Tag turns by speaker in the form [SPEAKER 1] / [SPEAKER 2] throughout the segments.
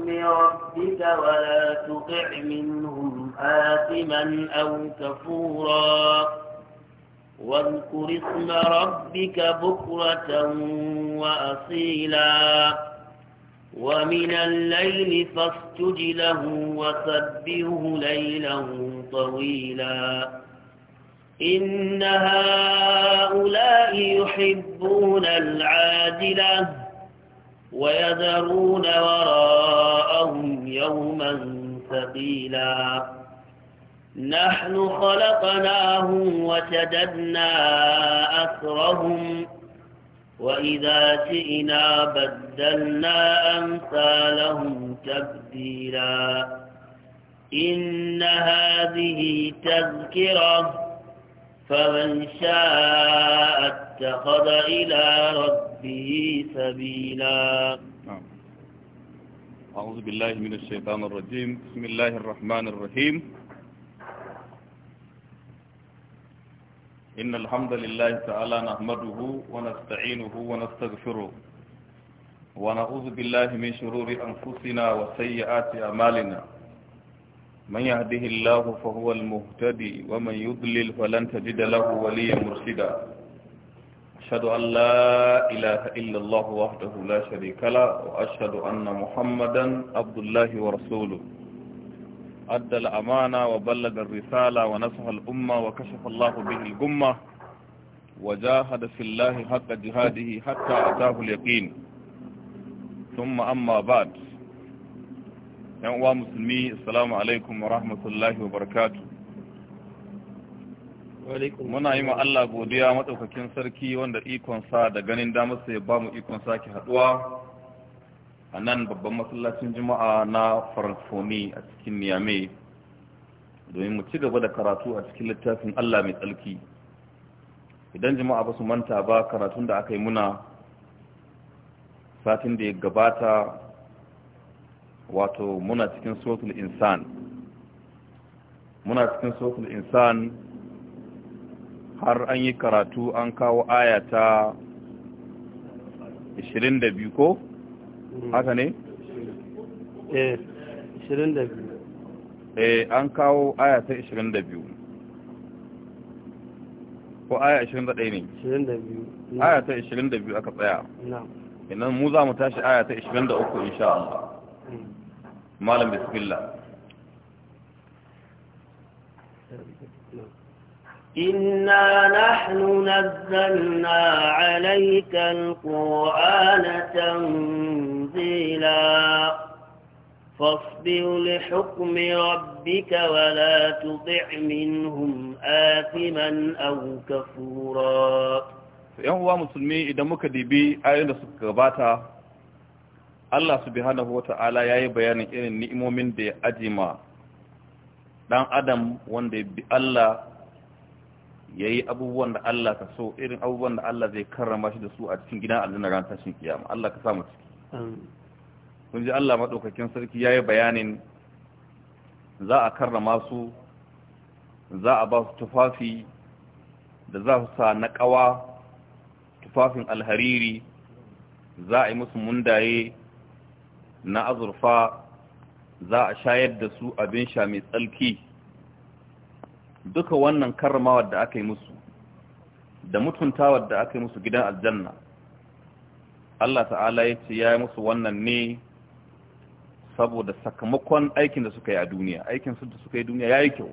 [SPEAKER 1] حكم ربك ولا تطع منهم آثما أو كفورا واذكر اسم ربك بكرة وأصيلا ومن الليل فاسجد له وسبه ليلا طويلا إن هؤلاء يحبون العادلة ويذرون وراءهم يوما ثقيلا نحن خلقناهم وشددنا أسرهم وإذا شئنا بدلنا أمثالهم تبديلا إن هذه تذكرة فمن شاء اتخذ إلى
[SPEAKER 2] ربه سبيلا نعم. أعوذ بالله من الشيطان الرجيم بسم الله الرحمن الرحيم إن الحمد لله تعالى نحمده ونستعينه ونستغفره ونعوذ بالله من شرور أنفسنا وسيئات أعمالنا من يهده الله فهو المهتدي ومن يضلل فلن تجد له وليا مرشدا أشهد أن لا إله إلا الله وحده لا شريك له وأشهد أن محمدا عبد الله ورسوله أدى الأمانة وبلغ الرسالة ونصح الأمة وكشف الله به الجمة وجاهد في الله حق جهاده حتى أتاه اليقين ثم أما بعد يا uwa musulmi, Assalamu alaikum wa rahmatullahi muna yi ma Allah godiya matsaukakin sarki wanda ikonsa da ganin damarsa ya ba mu ikon sake haɗuwa a nan babban masallacin jima'a na faransomi a cikin niyame domin mu ci gaba da karatu a cikin littafin Allah mai tsarki idan jama'a ba su manta ba karatun da aka yi muna satin da ya gabata wato muna cikin suratul insan muna cikin insan har an yi karatu an kawo aya ta 22 ko hmm. haka ne? eh 22 eh an kawo aya ta 22 ko aya 21 ne? 22 aya ta 22 aka tsaya inan mu za mu tashi aya ta 23 insha Allah hmm. malam bismillah
[SPEAKER 1] إنا نحن نزلنا عليك القرآن تنزيلا فاصبر لحكم ربك ولا تطع
[SPEAKER 2] منهم آثما أو كفورا yan uwa musulmi idan muka dibi ayoyin da suka gabata Allah subhanahu wata'ala yayi bayanin irin ni'imomin da ya ma dan adam wanda bi Allah ya yi abubuwan da Allah ka so irin abubuwan da Allah zai karrama shi da su a cikin gidan aljanna ran tashin kiyama Allah ka mu
[SPEAKER 3] ciki
[SPEAKER 2] kun ji Allah madaukakin sarki ya yi bayanin za a karrama su za a ba su tufafi da za su sa na ƙawa tufafin alhariri za a yi musu mundaye na azurfa za a shayar da su abin sha mai tsalki duka wannan karramawar da aka yi musu da mutuntawar da aka yi musu gidan aljanna Allah ta'ala ya ce ya yi musu wannan ne saboda sakamakon aikin da suka yi a duniya aikin su da suka yi duniya ya yi kyau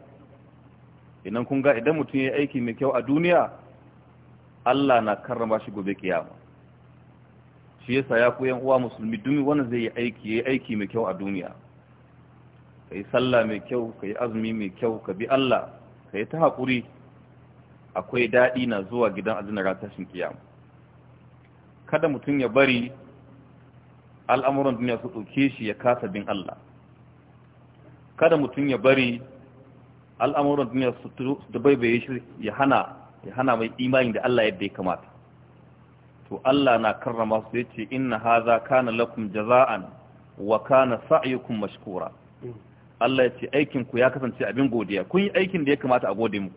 [SPEAKER 2] idan kun ga idan mutum ya yi aiki mai kyau a duniya Allah na karrama shi gobe kiyama shi yasa ya ku yan uwa musulmi dumi wannan zai yi aiki yayi aiki mai kyau a duniya kai sallah mai kyau kai azumi mai kyau ka bi Allah kai ta haƙuri akwai daɗi na zuwa gidan azinara tashin kiyama kada mutum ya bari al'amuran duniya su ɗauke shi ya kasa bin Allah kada mutum ya bari al'amuran duniya su dabaibaye shi ya hana ya hana mai imani da Allah yadda ya kamata to Allah na karrama su yace inna haza kana lakum jaza'an wa kana sa'yukum mashkura Allah ya ce aikin ku ya kasance abin godiya kun yi aikin da ya kamata a gode mu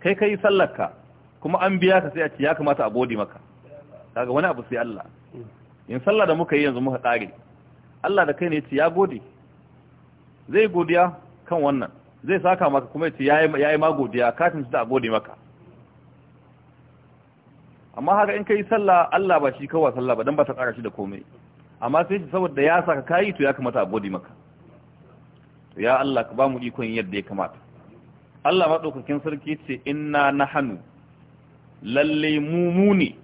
[SPEAKER 2] kai kai sallarka kuma an biya ka sai a ce ya kamata a gode maka kaga wani abu sai Allah in sallah da muka yi yanzu muka tsare Allah da kai ne ya ce ya gode zai godiya kan wannan zai saka maka kuma ya ce ya yi ma godiya katin su da a gode maka amma haka in kai sallah Allah ba shi kawai sallah ba dan ba ta tsara shi da komai amma sai shi saboda ya saka kai to ya kamata a gode maka ya Allah ka ba mu ikon yadda ya kamata Allah maɗaukakin sarki ce inna hannu. lalle mu mu ne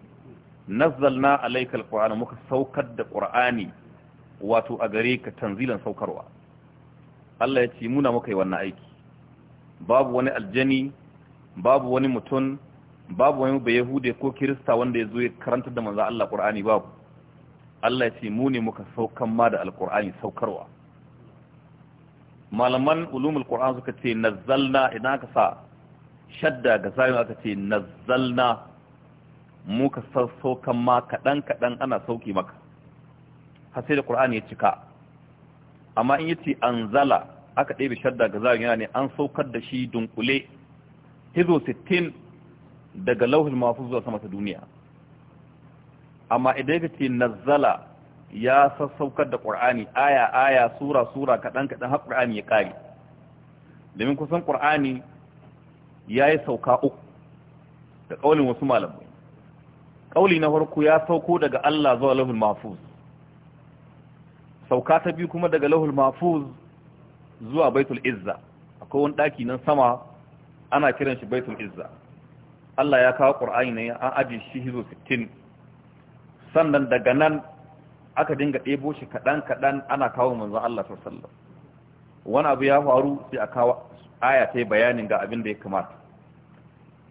[SPEAKER 2] nazzalna alayka alqur'ana muka saukar da qur'ani wato a gare ka tanzilan saukarwa Allah ya ce muna muka yi wannan aiki babu wani aljani babu wani mutum babu wani bayahude ko kirista wanda ya zo ya karanta da manzo Allah qur'ani babu Allah ya ce mu ne muka saukan ma da alqur'ani saukarwa malaman ulumul qur'an suka ce nazzalna idan aka sa shadda ga sayin aka ce nazzalna muka sassaukan ma kadan kadan ana sauki maka har sai da qur'ani ya cika amma in yace anzala aka ɗebe shadda ga zai yana ne an saukar da shi dunkule hizo 60 daga lauhul mahfuz zuwa sama ta duniya amma idan ka ce nazzala ya sassaukar da ƙur'ani aya aya sura sura kaɗan kaɗan har ƙur'ani ya ƙare domin kusan ƙur'ani ya yi sauka uku da ƙaulin wasu malamai ƙauli na farko ya sauko daga Allah zuwa lahul mahfuz sauka ta biyu kuma daga lahul mahfuz zuwa baitul izza akwai wani ɗaki nan sama ana kiran shi baitul izza Allah ya kawo ƙur'ani ne an ajiye shi hizo 60 sannan daga nan aka dinga ɗebo shi kaɗan-kaɗan ana kawo manzo Allah sallallahu wani abu ya faru sai a kawo aya ta bayanin ga abin da ya kamata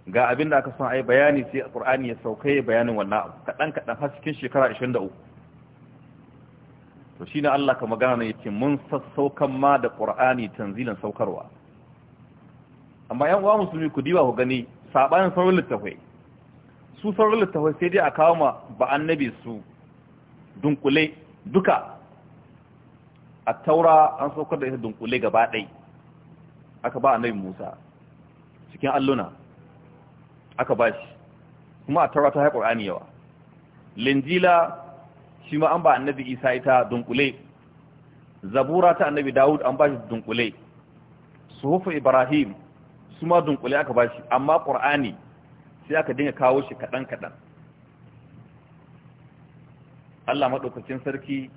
[SPEAKER 2] ga abin da aka son a yi bayani sai alƙur'ani ya sauka ya bayanin wannan abu kaɗan-kaɗan har cikin shekara 23 to shi ne Allah ka magana ya ce mun sassaukan ma da ƙur'ani tanzilan saukarwa amma yan uwa musulmi ku diba ku gani saɓanin sauran littafai su sauran littafai sai dai a kawo ma ba annabi su dunkule duka a taura an saukar da ita dunkule gaba ɗai aka ba annabi musa cikin alluna aka ba shi kuma a taura ta haƙa ƙorani yawa linjila shi ma an ba annabi isa ita dunkule zabura ta annabi dawud an ba shi dunkule suhufu ibrahim su ma dunkule aka ba shi amma ƙorani sai aka dinga kawo shi kaɗan-kaɗan Allah maɗaukacin sarki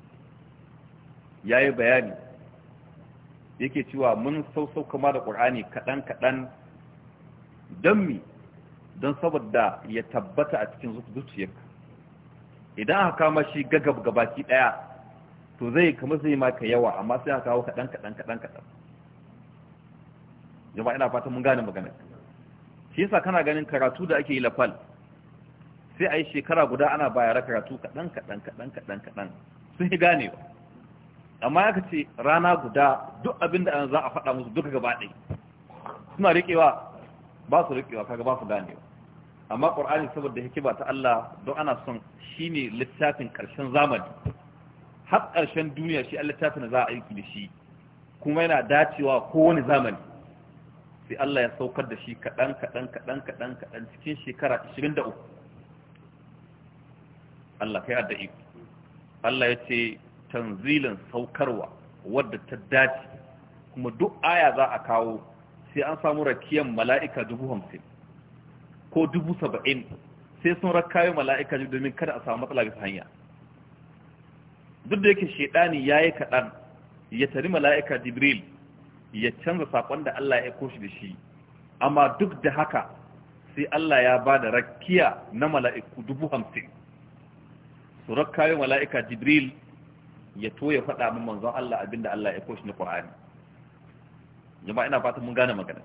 [SPEAKER 2] ya yi bayani yake cewa mun sau kama da ƙur'ani kaɗan-kaɗan don mi don saboda ya tabbata a cikin zuciyarka idan aka kama shi gagab gabaki ɗaya to zai kama zai maka yawa amma sai aka kawo kaɗan-kaɗan-kaɗan jama'a ina fata mun gane magana shi yasa kana ganin karatu da ake yi lafal sai a yi shekara guda ana bayar karatu kaɗan kaɗan kaɗan kaɗan kaɗan sun yi gane ba amma ya ce rana guda duk abin da za a faɗa musu duka gaba ɗai suna riƙewa ba su riƙewa kaga ba su ba amma ƙur'ani saboda hikima ta Allah don ana son shi ne littafin ƙarshen zamani har ƙarshen duniya shi a littafin da za a aiki da shi kuma yana dacewa kowane zamani sai Allah ya saukar da shi kaɗan kaɗan kaɗan kaɗan cikin shekara uku. Allah kai adda iko Allah ya ce tanzilin saukarwa wadda ta dace kuma duk aya za a kawo sai an samu rakiyan mala'ika dubu hamsin ko dubu saba'in sai sun rakayo mala'ika domin kada a samu matsala bisa hanya duk da yake shaidani ya yi kaɗan ya tari mala'ika jibril ya canza saƙon da Allah ya aiko da shi amma duk da haka sai Allah ya ba da rakiya na mala'iku dubu hamsin su rakkayo mala'ika jibril ya to ya faɗa min manzon Allah abinda Allah ya koshi na Qur'ani jama'a ina fata mun gane magana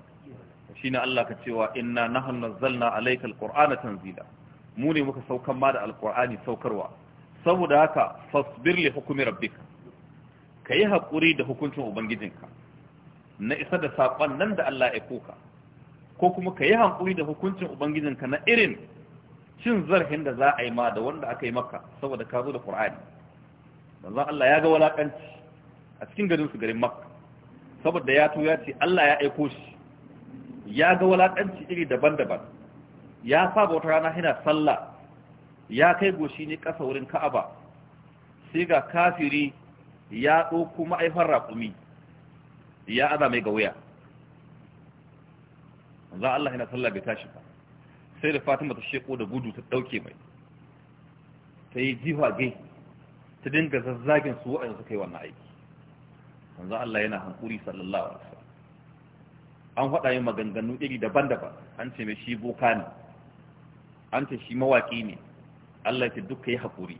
[SPEAKER 2] shine Allah ka cewa inna nahnu nazzalna alayka alqur'ana tanzila mu ne muka saukan ma da alqur'ani saukarwa saboda haka fasbir li hukmi rabbika kayi haƙuri da hukuncin ubangijinka na isa da sakon nan da Allah ya koka ko kuma kayi hakuri da hukuncin ubangijinka na irin cin zarhin da za a yi ma da wanda aka yi maka saboda ka zo da Qur'ani manzon Allah ya ga walakanci a cikin garin su garin Makka saboda ya to ya ce Allah ya aiko shi ya ga walakanci iri daban-daban ya saba wata rana yana sallah ya kai goshi ne ƙasa wurin Ka'aba sai ga kafiri ya ɗauko ma'aifar raƙumi ya aza mai ga wuya manzon Allah yana sallah bai tashi ba sai da fatima ta sheko da gudu ta dauke mai ta yi jihage ta dinga zazzagin su waɗanda suka yi wannan aiki wanzu Allah yana hankuri sallallahu alaihi wasallam an faɗa yin maganganu iri daban-daban an ce mai shi boka ne an ce shi mawaki ne Allah ya ce duka yi haƙuri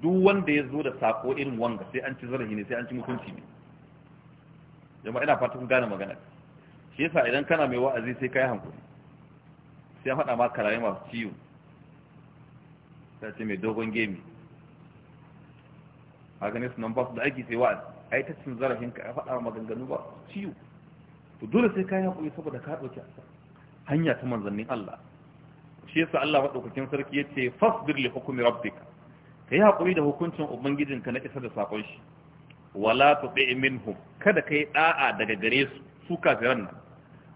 [SPEAKER 2] duk wanda ya zo da sako irin wanga sai an ci zarafi ne sai an ci mutunci ne jama'a ina fatan gane magana shi yasa idan kana mai wa'azi sai kai hankuri sai faɗa ma karaye masu ciwo ta ce mai dogon gemi haka su nan ba su da aiki sai wa a ta cin zarafin ka ya faɗa ma maganganu ba ciwo to dole sai ka yi haƙuri saboda ka ɗauki hanya ta manzannin Allah shi yasa Allah maɗaukakin sarki ya ce fasbir li hukumi rabbika ka yi haƙuri da hukuncin ubangijinka na isa da saƙon shi wala tuɗe minhum kada ka yi ɗa'a daga gare su su kafiran nan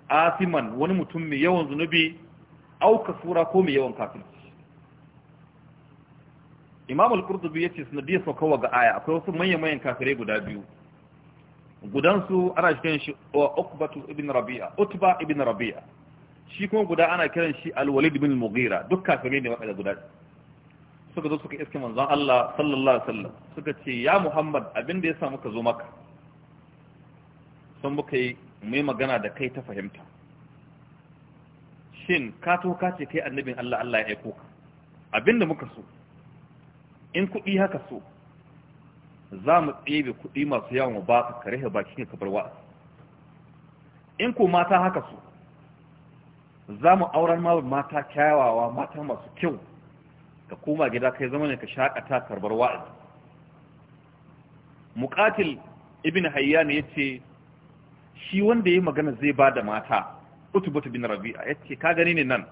[SPEAKER 2] asiman wani mutum mai yawan zunubi auka sura ko mai yawan kafirci imam al-qurtubi yace sanadiyar sau wa ga aya akwai wasu manyan manyan kafire guda biyu gudansu ana kiran shi ukbatu ibn rabi'a utba ibn rabi'a shi kuma guda ana kiran shi al-walid ibn mughira duk kafire ne wanda guda suka zo suka iske manzon Allah sallallahu alaihi wasallam suka ce ya Muhammad abin da ya sa muka zo maka sun muka yi mai magana da kai ta fahimta shin ka to ka ce kai annabin Allah Allah ya aiko ka abinda muka so in kuɗi haka so za mu tsebe kuɗi masu yawon ba ka kare bakin ka bar wa'azi in ko mata haka so za mu auren ma mata kyawawa mata masu kyau ka koma gida kai zama ne ka shakata karbar wa'azi muqatil ibn hayyan yace shi wanda yayi magana zai ba da mata utubatu bin rabi'a ya ce ka gani ne nan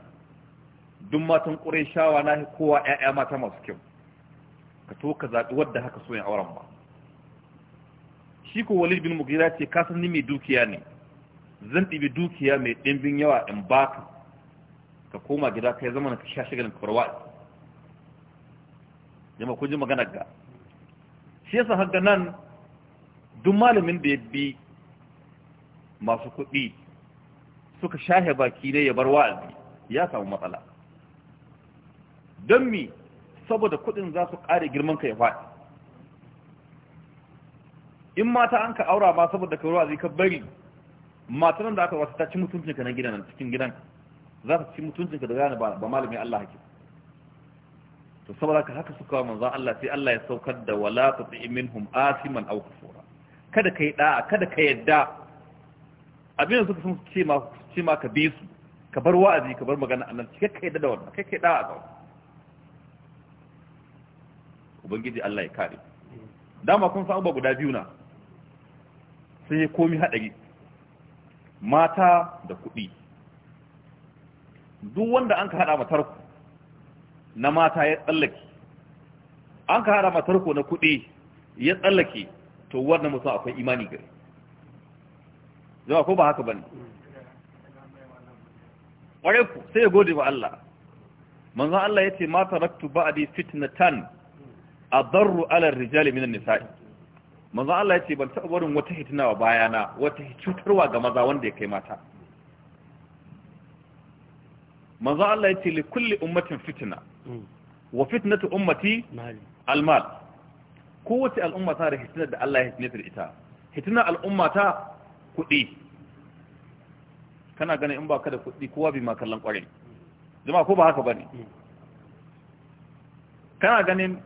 [SPEAKER 2] duk matan shawa na kowa ƴaƴa mata masu kyau ka to ka zaɓi wadda haka so yin auren ba shi ko walid bin mugira ce ka san ni mai dukiya ne zan ɗibi dukiya mai ɗimbin yawa in baka ka koma gida ka ya zama ka sha shigalin karwa jama kun ji magana ga shi yasa haka nan duk malamin da ya bi masu kuɗi suka shahe baki ne ya bar wa'azi ya samu matsala don mi saboda kudin za su kare girman ka ya faɗi in mata an ka aura ma saboda ka wa'azi ka bari matan da aka wasu ta ci mutuncinka na gidan cikin gidan za ta ci mutuncinka da gane ba malamin Allah hake to saboda ka haka suka wa manzo Allah sai Allah ya saukar da wala tuti minhum asiman aw kufura kada kai da'a kada ka yadda abin da suka sun ce ma shi ma ka bi su ka bar wa'azi ka bar magana annan ka kai da wannan kai kai da a zaune ubangiji Allah ya kare dama kun san ba guda biyu na sai ya komi haɗari mata da kuɗi duk wanda an ka haɗa matarku na mata ya tsallake an ka haɗa matarku na kuɗi ya tsallake to wannan mutum akwai imani gari zama ko ba haka ba ne ƙwarai ku sai ya gode wa Allah manzon Allah yace ma taraktu ba'di fitnatan adarru ala rijali min an-nisa'i manzon Allah yace ban taɓa barin wata hitna wa bayana wata cutarwa ga maza wanda ya kai mata manzon Allah yace li kulli ummatin fitna wa fitnatu ummati al-mal kowace al'umma ta da hitnar da Allah ya hitnar ita hitnar al'umma ta kuɗi kana ganin in baka da kuɗi kowa bi ma kallon ƙwarai jama'a ko ba haka bane kana ganin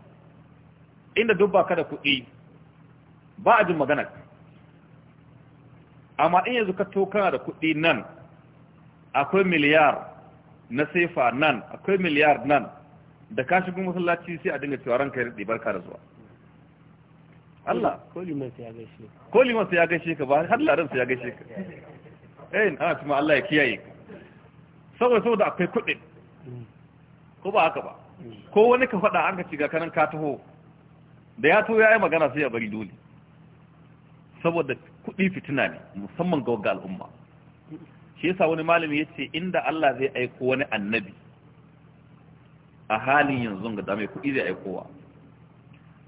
[SPEAKER 2] inda duk baka da kuɗi ba a jin magana amma in yanzu ka to kana da kuɗi nan akwai miliyar na sefa nan akwai miliyar nan da ka shigo masallaci sai a dinga cewa ranka ya riɗe barka da zuwa Allah ko liman sai ya gaishe ka ba har larin sai ya gaishe ka eh ana cewa Allah ya kiyaye ka saboda saboda akwai kuɗi ko ba haka ba ko wani ka faɗa an ka ci ga ka taho da ya to ya yi magana sai ya bari dole saboda kuɗi fitina ne musamman ga wagga al'umma shi yasa wani malami ya ce inda Allah zai aiko wani annabi a halin yanzu ga dame kuɗi zai aikowa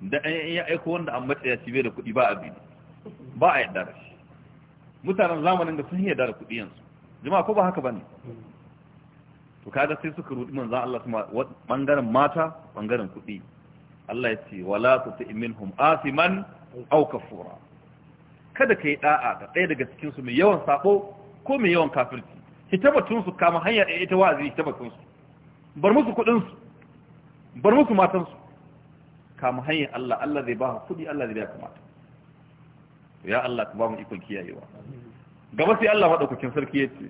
[SPEAKER 2] da ya aiko wanda an matsaya shi bai da kuɗi ba abin ba a yadda da shi mutanen zamanin da sun yarda da kuɗi yanzu jama'a ko ba haka bane to kada sai suka rudi manzon Allah kuma bangaren mata bangaren kuɗi Allah ya ce wala tuti minhum asiman aw kafura kada kai da'a ga ɗaya daga cikin su mai yawan saɓo ko mai yawan kafirci hitabatun su kama hanya ɗaya ita wazi hitabatun su bar musu kuɗin su bar musu matan su kama hanya Allah Allah zai ba kuɗi Allah zai ba kamata ya Allah ka ba mu ikon kiyayewa gaba sai Allah maɗaukakin sarki ya ce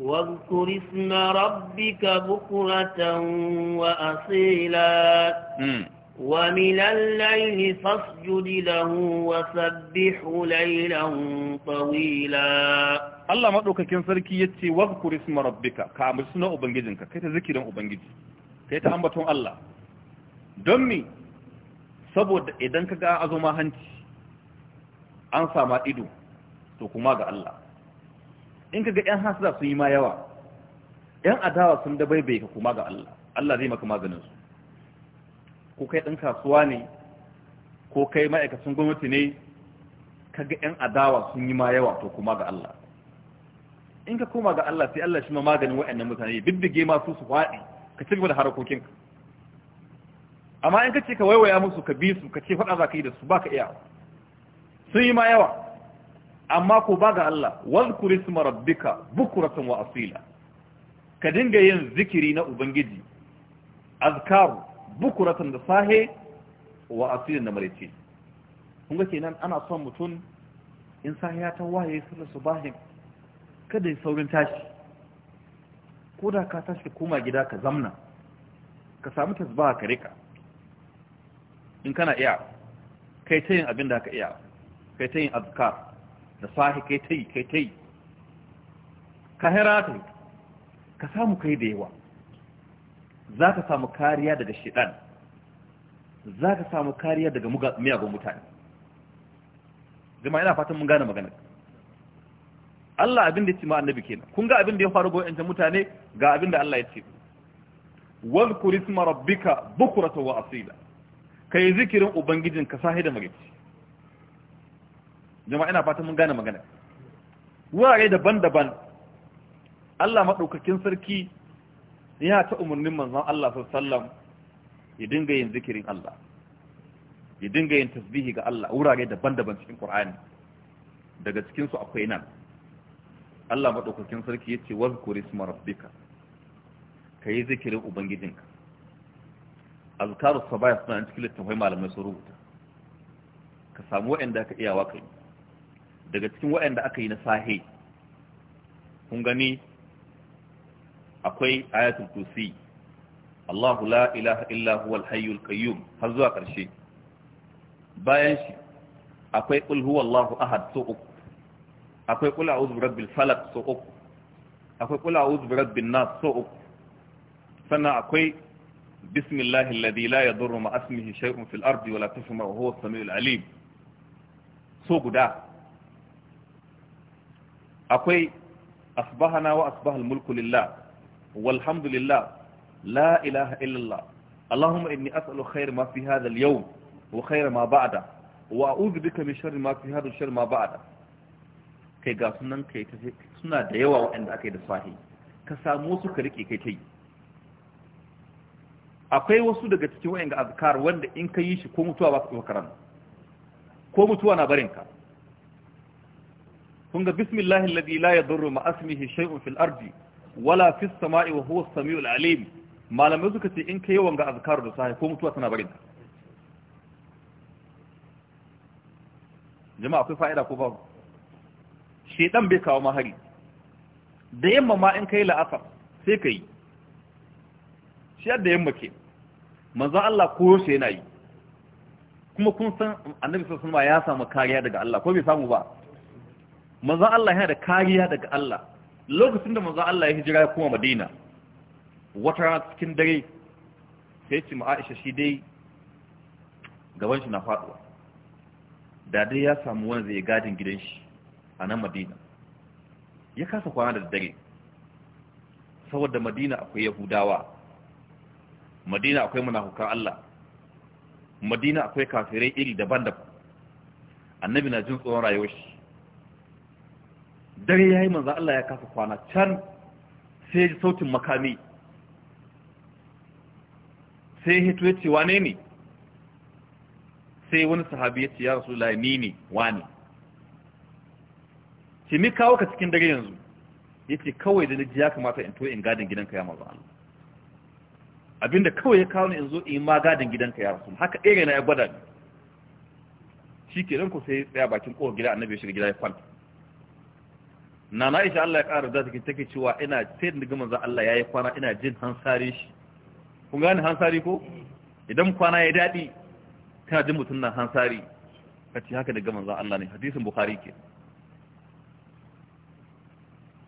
[SPEAKER 1] واذكر اسم ربك بكرة وأصيلا ومن الليل فاسجد له وسبح ليلا طويلا Allah
[SPEAKER 2] maɗaukakin sarki ya ce wa ku risma rabbika ka amur suna ubangijinka kai ta zikirin ubangiji kai ta ambaton Allah don mi saboda idan ka ga azuma hanci an sama ido to kuma ga Allah in kaga yan hasada sun yi ma yawa yan adawa sun dabaibaye ka kuma ga Allah Allah zai maka maganin su ko kai ɗan kasuwa ne ko kai ma'aikacin gwamnati ne kaga yan adawa sun yi ma yawa to kuma ga Allah in ka koma ga Allah sai Allah shi ma maganin waɗannan mutane bibdige ma su su faɗi ka cigaba da ka. amma in ka ce ka waiwaya musu ka bi su ka ce faɗa za ka yi da su ba ka iya sun yi ma yawa amma ko ba ga Allah wadhkur isma rabbika bukratan wa asila ka dinga yin zikiri na ubangiji azkaru bukratan da sahe wa asilin da maraice kun ga kenan ana son mutum in sahe ya ta waye su subahin kada ya saurin tashi ko da ka tashi kuma gida ka zamna ka samu tasbaha ka rika in kana iya kai ta yin abin ka iya kai ta yin azkar da sahi kai ta yi kai ta yi ka herata ka samu kai da yawa za ka samu kariya daga shidan za ka samu kariya daga miyagun mutane jama'a ina fatan mun gane magana Allah abin da ya ce ma annabi kenan kun ga abin da ya faru ga wayancan mutane ga abin da Allah ya ce wadhkur isma rabbika bukratan wa asila kai zikirin ubangijinka sahi da magici jama'a ina fatan mun gane magana wurare daban-daban Allah maɗaukakin sarki ya ta umarnin manzon Allah sallam ya dinga yin zikirin Allah ya dinga yin tasbihi ga Allah wurare daban-daban cikin Qur'ani daga cikin su akwai nan Allah maɗaukakin sarki ya ce wazkur isma rabbika yi zikirin ubangijinka azkarus sabaya suna cikin littafin malamai su rubuta ka samu waɗanda ka iyawa kai daga cikin waɗanda aka yi na sahe kun gani akwai ayatul kursi Allahu la ilaha illa huwal hayyul qayyum har zuwa ƙarshe bayan shi akwai qul huwallahu ahad so uku akwai qul a'udhu birabbil falaq so uku akwai qul a'udhu birabbin nas so uku sannan akwai bismillahi alladhi la yadurru ma ismihi shay'un fil ardi wa la tasma'u huwa as-sami'ul 'alim so guda akwai asbahana wa asbahal mulku lillah walhamdulillah la ilaha illallah allahumma inni as'alu khayr ma fi hadha al-yawm wa khayr ma ba'da wa a'udhu bika min sharri ma fi hadha al ma ba'da kai ga sunan kai suna da yawa waɗanda aka yi da sahi ka samu su ka rike kai kai akwai wasu daga cikin waɗanda azkar wanda in ka yi shi ko mutuwa ba su karanta ko mutuwa na barinka kun ga bismillah alladhi la yadurru ma asmihi shay'un fil ardi wala fis sama'i wa huwa as-sami'ul alim malamai suka ce in kai wanga azkar da sai ko mutuwa tana barin jama'a akwai fa'ida ko babu shedan bai kawo mahari da yamma ma in kai la'asar sai kai shi da yamma ke manzo Allah ko yaushe yana yi kuma kun san annabi sallallahu alaihi wasallam ya samu kariya daga Allah ko bai samu ba manzon Allah yana da kariya daga Allah lokacin da manzon Allah ya hijira ya koma Madina wata rana cikin dare sai ce ma Aisha shi dai gaban shi na faduwa da dai ya samu wani zai gadin gidan shi a nan Madina ya kasa kwana da dare saboda Madina akwai Yahudawa Madina akwai munafukan Allah Madina akwai kafirai iri daban-daban annabi na jin tsoron rayuwar shi dare ya yi manzan Allah ya kasa kwana can sai ji sautin makami sai hito ya ce wane ne sai wani sahabi ya ce ya rasu ni ne wane ce mi kawo ka cikin dare yanzu ya ce kawai da ji ya kamata in to in gadin gidanka ya manza Allah abinda kawai ya kawo ni in zo in ma gadin gidanka ya rasu haka ɗaya na ya gwada ne shi ke ku sai ya tsaya bakin kowar gida annabi ya shiga gida ya kwanta na na isha Allah ya ƙara da take take cewa ina sai da gama za Allah yayi kwana ina jin hansari shi kun gane hansari ko idan kwana ya daɗi kana jin mutum na hansari ce haka daga za Allah ne hadisin Bukhari ke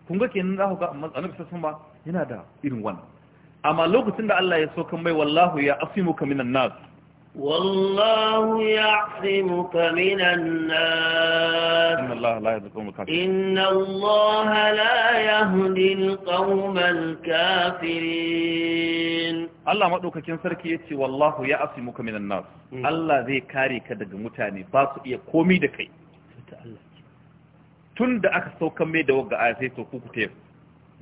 [SPEAKER 2] kun ga kenan za ku ga annabi sassan ba yana da irin wannan amma lokacin da Allah ya so kan mai wallahu ya asimuka minan nas والله يعصمك
[SPEAKER 1] من الناس إن الله لا
[SPEAKER 2] يهدي الكافرين إن الله لا يهدي القوم الكافرين Allah madaukakin sarki yace wallahu ya asimuka minan nas hmm. Allah zai kare ka daga mutane ba su iya komi da kai tunda aka saukan mai da wagga aya to ku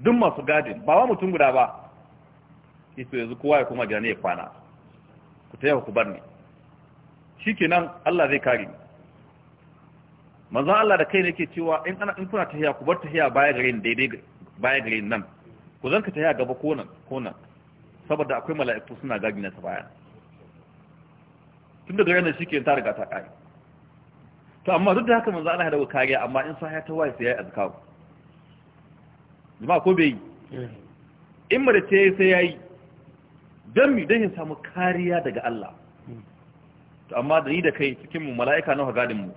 [SPEAKER 2] duk masu gadin ba wa mutum guda ba sai yanzu kowa ya koma gida ya kwana ku taya ku bar ni nan Allah zai kare ni manzan Allah da kai ke cewa in ana in kuna tahiya ku bar tahiya baya gare ni daidai baya gare ni nan ku zanka tahiya gaba ko nan ko nan saboda akwai mala'iku suna gadi na baya tun da gare shi ke ta riga ta kare to amma duk da haka manzon Allah ya dawo kariya amma in sa ya ta wai sai ya azkawo jama'a ko bai eh. in mara ce sai yayi don mi don yin samu kariya daga Allah to amma da ni da kai cikin mu mala'ika na gadin mu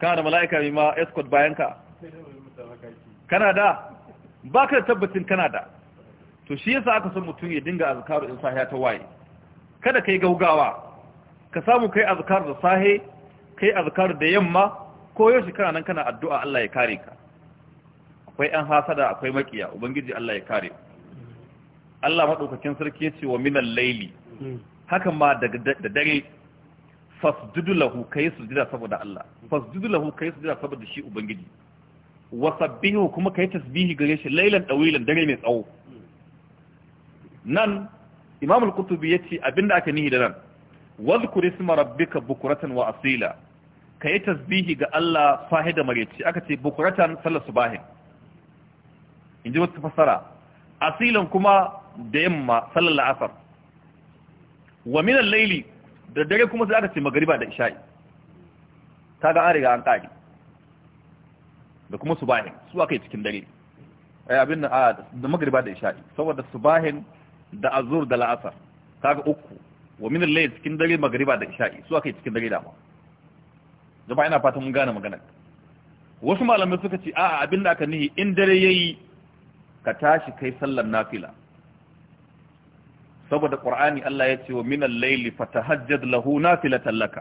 [SPEAKER 2] kana da mala'ika mai ma escort bayan ka kana da ba ka da tabbacin kana da to shi yasa aka san mutum ya dinga azkaru in sahiya ta waye kada kai gaugawa ka samu kai azkaru da Sahi kai azkaru da yamma ko ka kana nan kana addu'a Allah ya kare ka akwai 'yan hasada akwai makiya ubangiji Allah ya kare ka Allah maɗaukakin sarki ce wa minan laili. Hmm. haka ma da dare fasjudu lahu kai sujda saboda Allah fasjudu lahu kai sujda saboda shi ubangiji wa sabbihu kuma kai tasbihi gare shi lailan dawilan dare mai tsawo nan imam al-qutubi yace abinda aka nihi da nan wadhkur isma rabbika bukuratan wa asila kai tasbihi ga Allah fahida mareci aka ce bukuratan sallar subahin inji wata fasara asilan kuma da yamma sallar la'asar wa minan laili da dare kuma sai aka ce magariba da isha'i ta ga an riga an ƙari da kuma subahin su aka yi cikin dare ai eh, abin da magariba da isha'i saboda subahin da azur da la'asar ta ga uku wa minan laili cikin dare magariba da isha'i su aka yi cikin dare dama jama'a ina fatan mun gane maganar wasu malamai suka ce a'a abin da aka nihi in dare yayi ka tashi kai sallar nafila saboda qur'ani Allah ya ce wa minal fata hajjad lahu nafilatan laka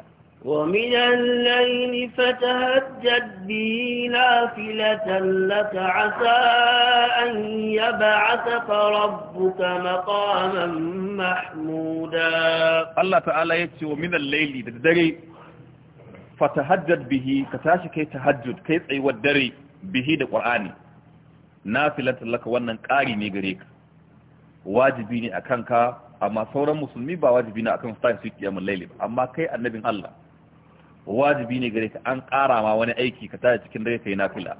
[SPEAKER 2] wa
[SPEAKER 1] minal layli fatahajjad bi nafilatan laka asa an yab'athaka rabbuka maqaman
[SPEAKER 2] mahmuda Allah ta'ala ya ce wa minal layli da dare fatahajjad bihi ka tashi kai tahajjud kai tsayuwar dare bihi da qur'ani nafilatan laka wannan ƙari ne gare ka wajibi ne a kanka amma sauran musulmi ba wajibi ne kan sa su kiyamul layl amma kai annabin Allah wajibi ne gare ka an ƙara ma wani aiki ka tashi cikin dare kai nafila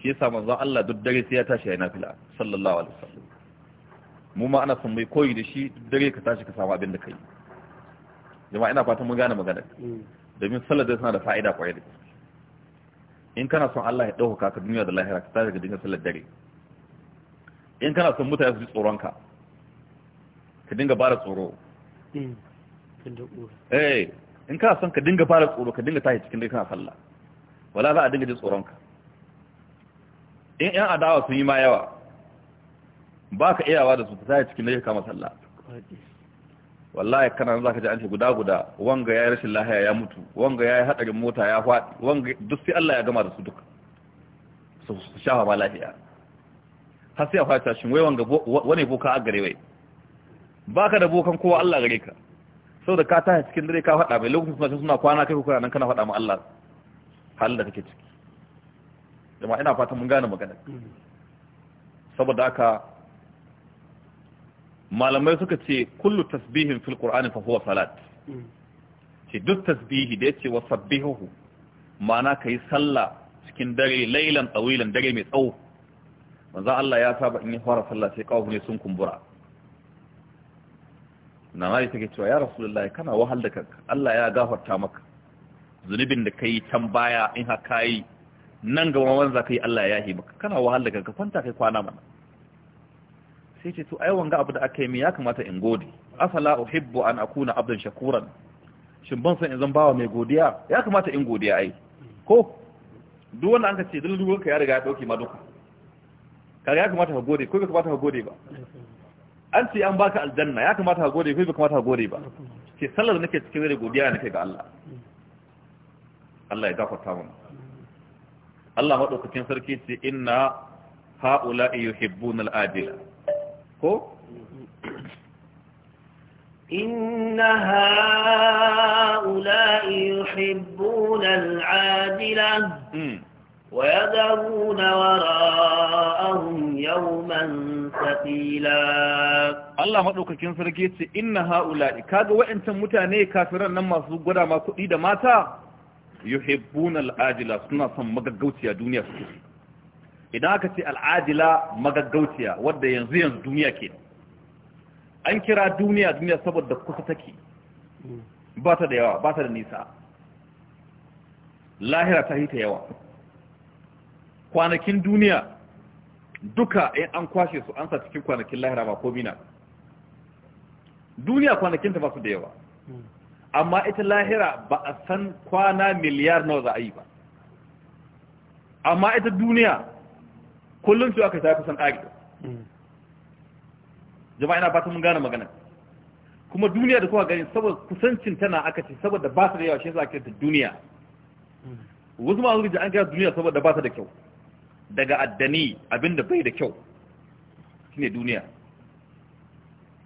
[SPEAKER 2] shi yasa manzo Allah duk dare sai ya tashi yayin nafila sallallahu alaihi wasallam mu ma ana son mai koyi da shi duk dare ka tashi ka samu abin da kai jama'a ina fatan mun gane magana domin sallar dare suna da fa'ida kwarai da in kana son Allah ya dauka ka duniya da lahira ka tashi ka dinga sallar dare in kana son mutane su ji tsoronka ka dinga bara hmm, tsoro eh in kana son ka dinga bada tsoro ka dinga tashi cikin dai sallah wala za a dinga ji tsoronka in yan adawa sun yi ma yawa ba ka iyawa da su ta tashi cikin dai kama sallah wallahi kana za ka ji an ce guda guda wanga ya yi rashin lahiya ya mutu wanga ya yi hadarin mota ya faɗi wanga duk sai Allah ya gama da su duka su shafa ba lahiya har sai a fata shi wai wanga wane boka a gare wai ka da bokan kowa Allah gare ka da ka ta cikin dare ka faɗa mai lokacin suna suna kwana kai kuka nan kana faɗa ma Allah halin da kake ciki jama'a ina fatan mun gane magana saboda haka malamai suka ce kullu tasbihin fil qur'ani fa huwa salat ce duk tasbihi da yace wa sabbihu ma'ana kai sallah cikin dare lailan tsawilan dare mai tsawo manzo Allah ya saba in ya fara sallah sai kawo ne sun kumbura na mai take cewa ya rasulullahi kana wahal da kanka Allah ya gafarta maka zunubin da kai can baya in ha kai nan ga wawan za kai Allah ya yi maka kana wahal da kanka kwanta kai kwana mana sai ce to ai wanga abu da aka yi mi ya kamata in gode afala uhibbu an akuna abdan shakuran shin ban san in zan bawa mai godiya ya kamata in godiya ai ko duk wanda an ka ce dalilin ka ya riga ya dauke ma duka kare ya kamata ka gode ko bai kamata ka gode ba an ce an baka aljanna ya kamata ka gode ko bai kamata ka gode ba ke sallar nake cikin zai godiya nake ga Allah Allah ya gafarta mana Allah madaukakin sarki ce inna haula yuhibbuna al-adila ko
[SPEAKER 1] إن هؤلاء يحبون العادلة م. ويذرون
[SPEAKER 2] وراءهم يوما ثقيلا الله madaukakin sarki yace inna haula'i kaga wa'ancan mutane kafiran nan masu gwada ma kuɗi da mata yuhibbuna al'ajila suna son magaggauciya duniya suke idan aka ce al'ajila magaggautiya, wadda yanzu yanzu duniya ke an kira duniya duniya saboda kusa take ba ta da yawa ba ta da nisa lahira ta hita yawa kwanakin duniya duka in an kwashe su an sa cikin kwanakin lahira ba ko mina duniya kwanakin ta ba su da yawa amma ita lahira ba a san kwana miliyar nawa za a yi ba amma ita duniya kullum su aka tafi san ake jama'a ina fata mun gane magana kuma duniya da kuma gani saboda kusancin tana aka ce saboda ba su da yawa shi yasa ake ta duniya wasu ma'azuri da an gaya duniya saboda ba su da kyau daga addani abinda bai da kyau shine duniya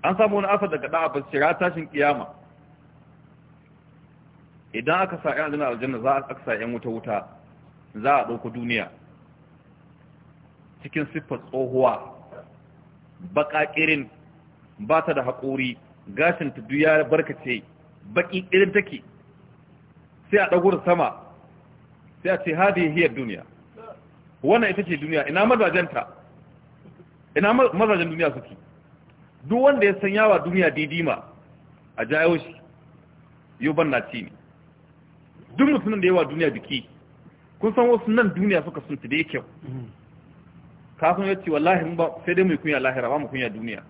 [SPEAKER 2] an samu wani afa daga da'a basira tashin kiyama idan aka sa yan aljanna aljanna za a aka sa yan wuta wuta za a dauko duniya cikin siffar tsohuwa baƙaƙirin ba ta da haƙuri gashin ta duya barkace baƙi irin take sai a ɗagura sama sai a ce hadi hiyar duniya wannan ita ce duniya ina mazajenta ina mazajen duniya suke duk wanda ya san yawa duniya didima a jayo shi yau ban na ci ne duk mutumin da yawa duniya biki kun san wasu nan duniya suka sun da ya kyau Kafin ya ce wallahi mun ba sai dai mai kunya lahira ba mu kunya duniya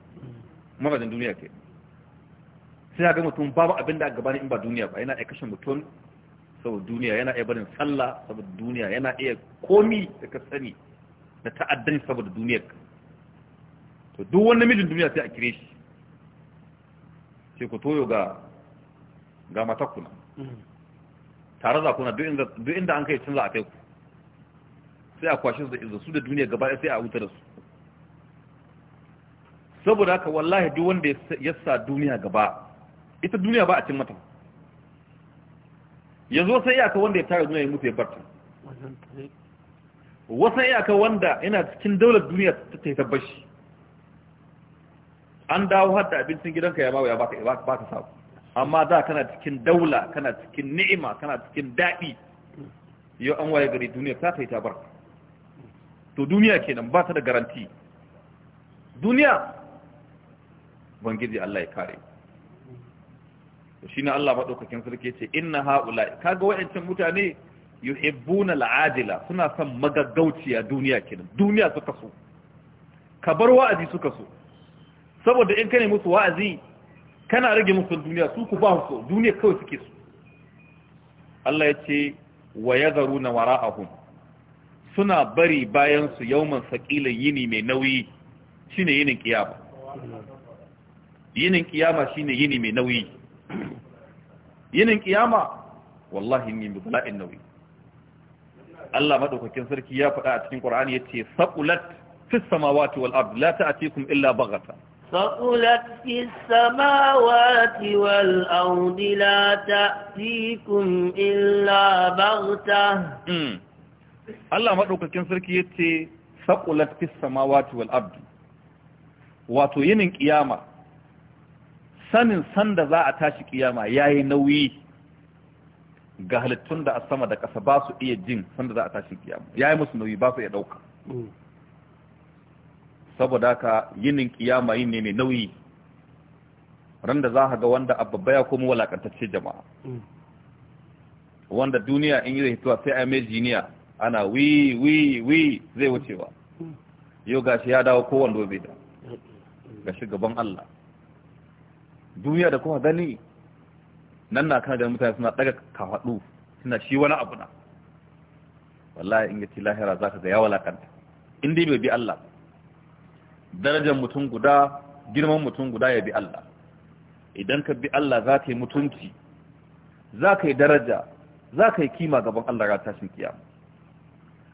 [SPEAKER 2] mazajen duniya ke sai ga mutum babu abin da a gabani in ba duniya ba yana aikashin mutum saboda duniya yana iya barin sallah saboda duniya yana iya komi da ka sani na ta'addan saboda duniyar ka to duk wani mijin duniya sai a kire shi sai ku toyo ga ga matakuna tare za kuna duk inda an kai tun za a kai ku sai a kwashe su da su da duniya gaba sai a wuta da su saboda haka wallahi duk wanda ya sa duniya gaba ita duniya ba a cin mata yanzu sai iyaka wanda ya tara duniya ya mutu ya barta wasan iyaka wanda yana cikin daular duniya ta ta tabbashi an dawo har da abincin gidanka ya ya ya ka sabu amma za kana cikin daula kana cikin ni'ima kana cikin daɗi yau an waye gari duniya ta ta yi tabar to duniya kenan ba ta da garanti duniya bangiji Allah ya kare mu shi ne Allah maɗaukakin sarki ce inna ha'ula kaga wa'ancan mutane na la'adila suna son a duniya kenan duniya suka so ka bar wa'azi suka so saboda in ka ne musu wa'azi kana rage musu duniya su ku ba su duniya kawai suke so Allah ya ce wa yadharuna wara'ahum suna bari bayan su yawman saƙilan yini mai nauyi ne yinin kiyama yinin kiyama ne yini mai nauyi yinin kiyama wallahi min bala'in nawi Allah madaukakin sarki ya faɗa a cikin Qur'ani yace saqulat fis samawati wal ard la ta'tikum illa baghata
[SPEAKER 1] ثقلت samawati wal ard la ta'tikum illa baghata
[SPEAKER 2] hmm. Allah madaukakin sarki yace saqulat ثقلت samawati wal ard wato yinin kiyama sanin sanda za a tashi kiyama yayi nauyi ga halittun da a sama da ƙasa ba su iya jin sanda za a tashi kiyama yayi musu nauyi ba su iya ɗauka mm. saboda ka yinin kiyama yin ne mai nauyi ran za ka ga wanda a babba ya komo walakantacce jama'a mm. wanda duniya in yi rahituwa sai a mai jiniya ana wi wi wi zai wucewa mm. yau gashi ya dawo kowanne zai da gashi gaban Allah duniya da kuma gani nan na kana da mutane suna daga kafaɗu suna shi wani abu na wallahi in yace lahira zaka ga ya walakanta in dai bai bi Allah darajar mutum guda girman mutum guda ya bi Allah idan ka bi Allah za ka yi mutunci za ka yi daraja za ka yi kima gaban Allah ga tashin kiyama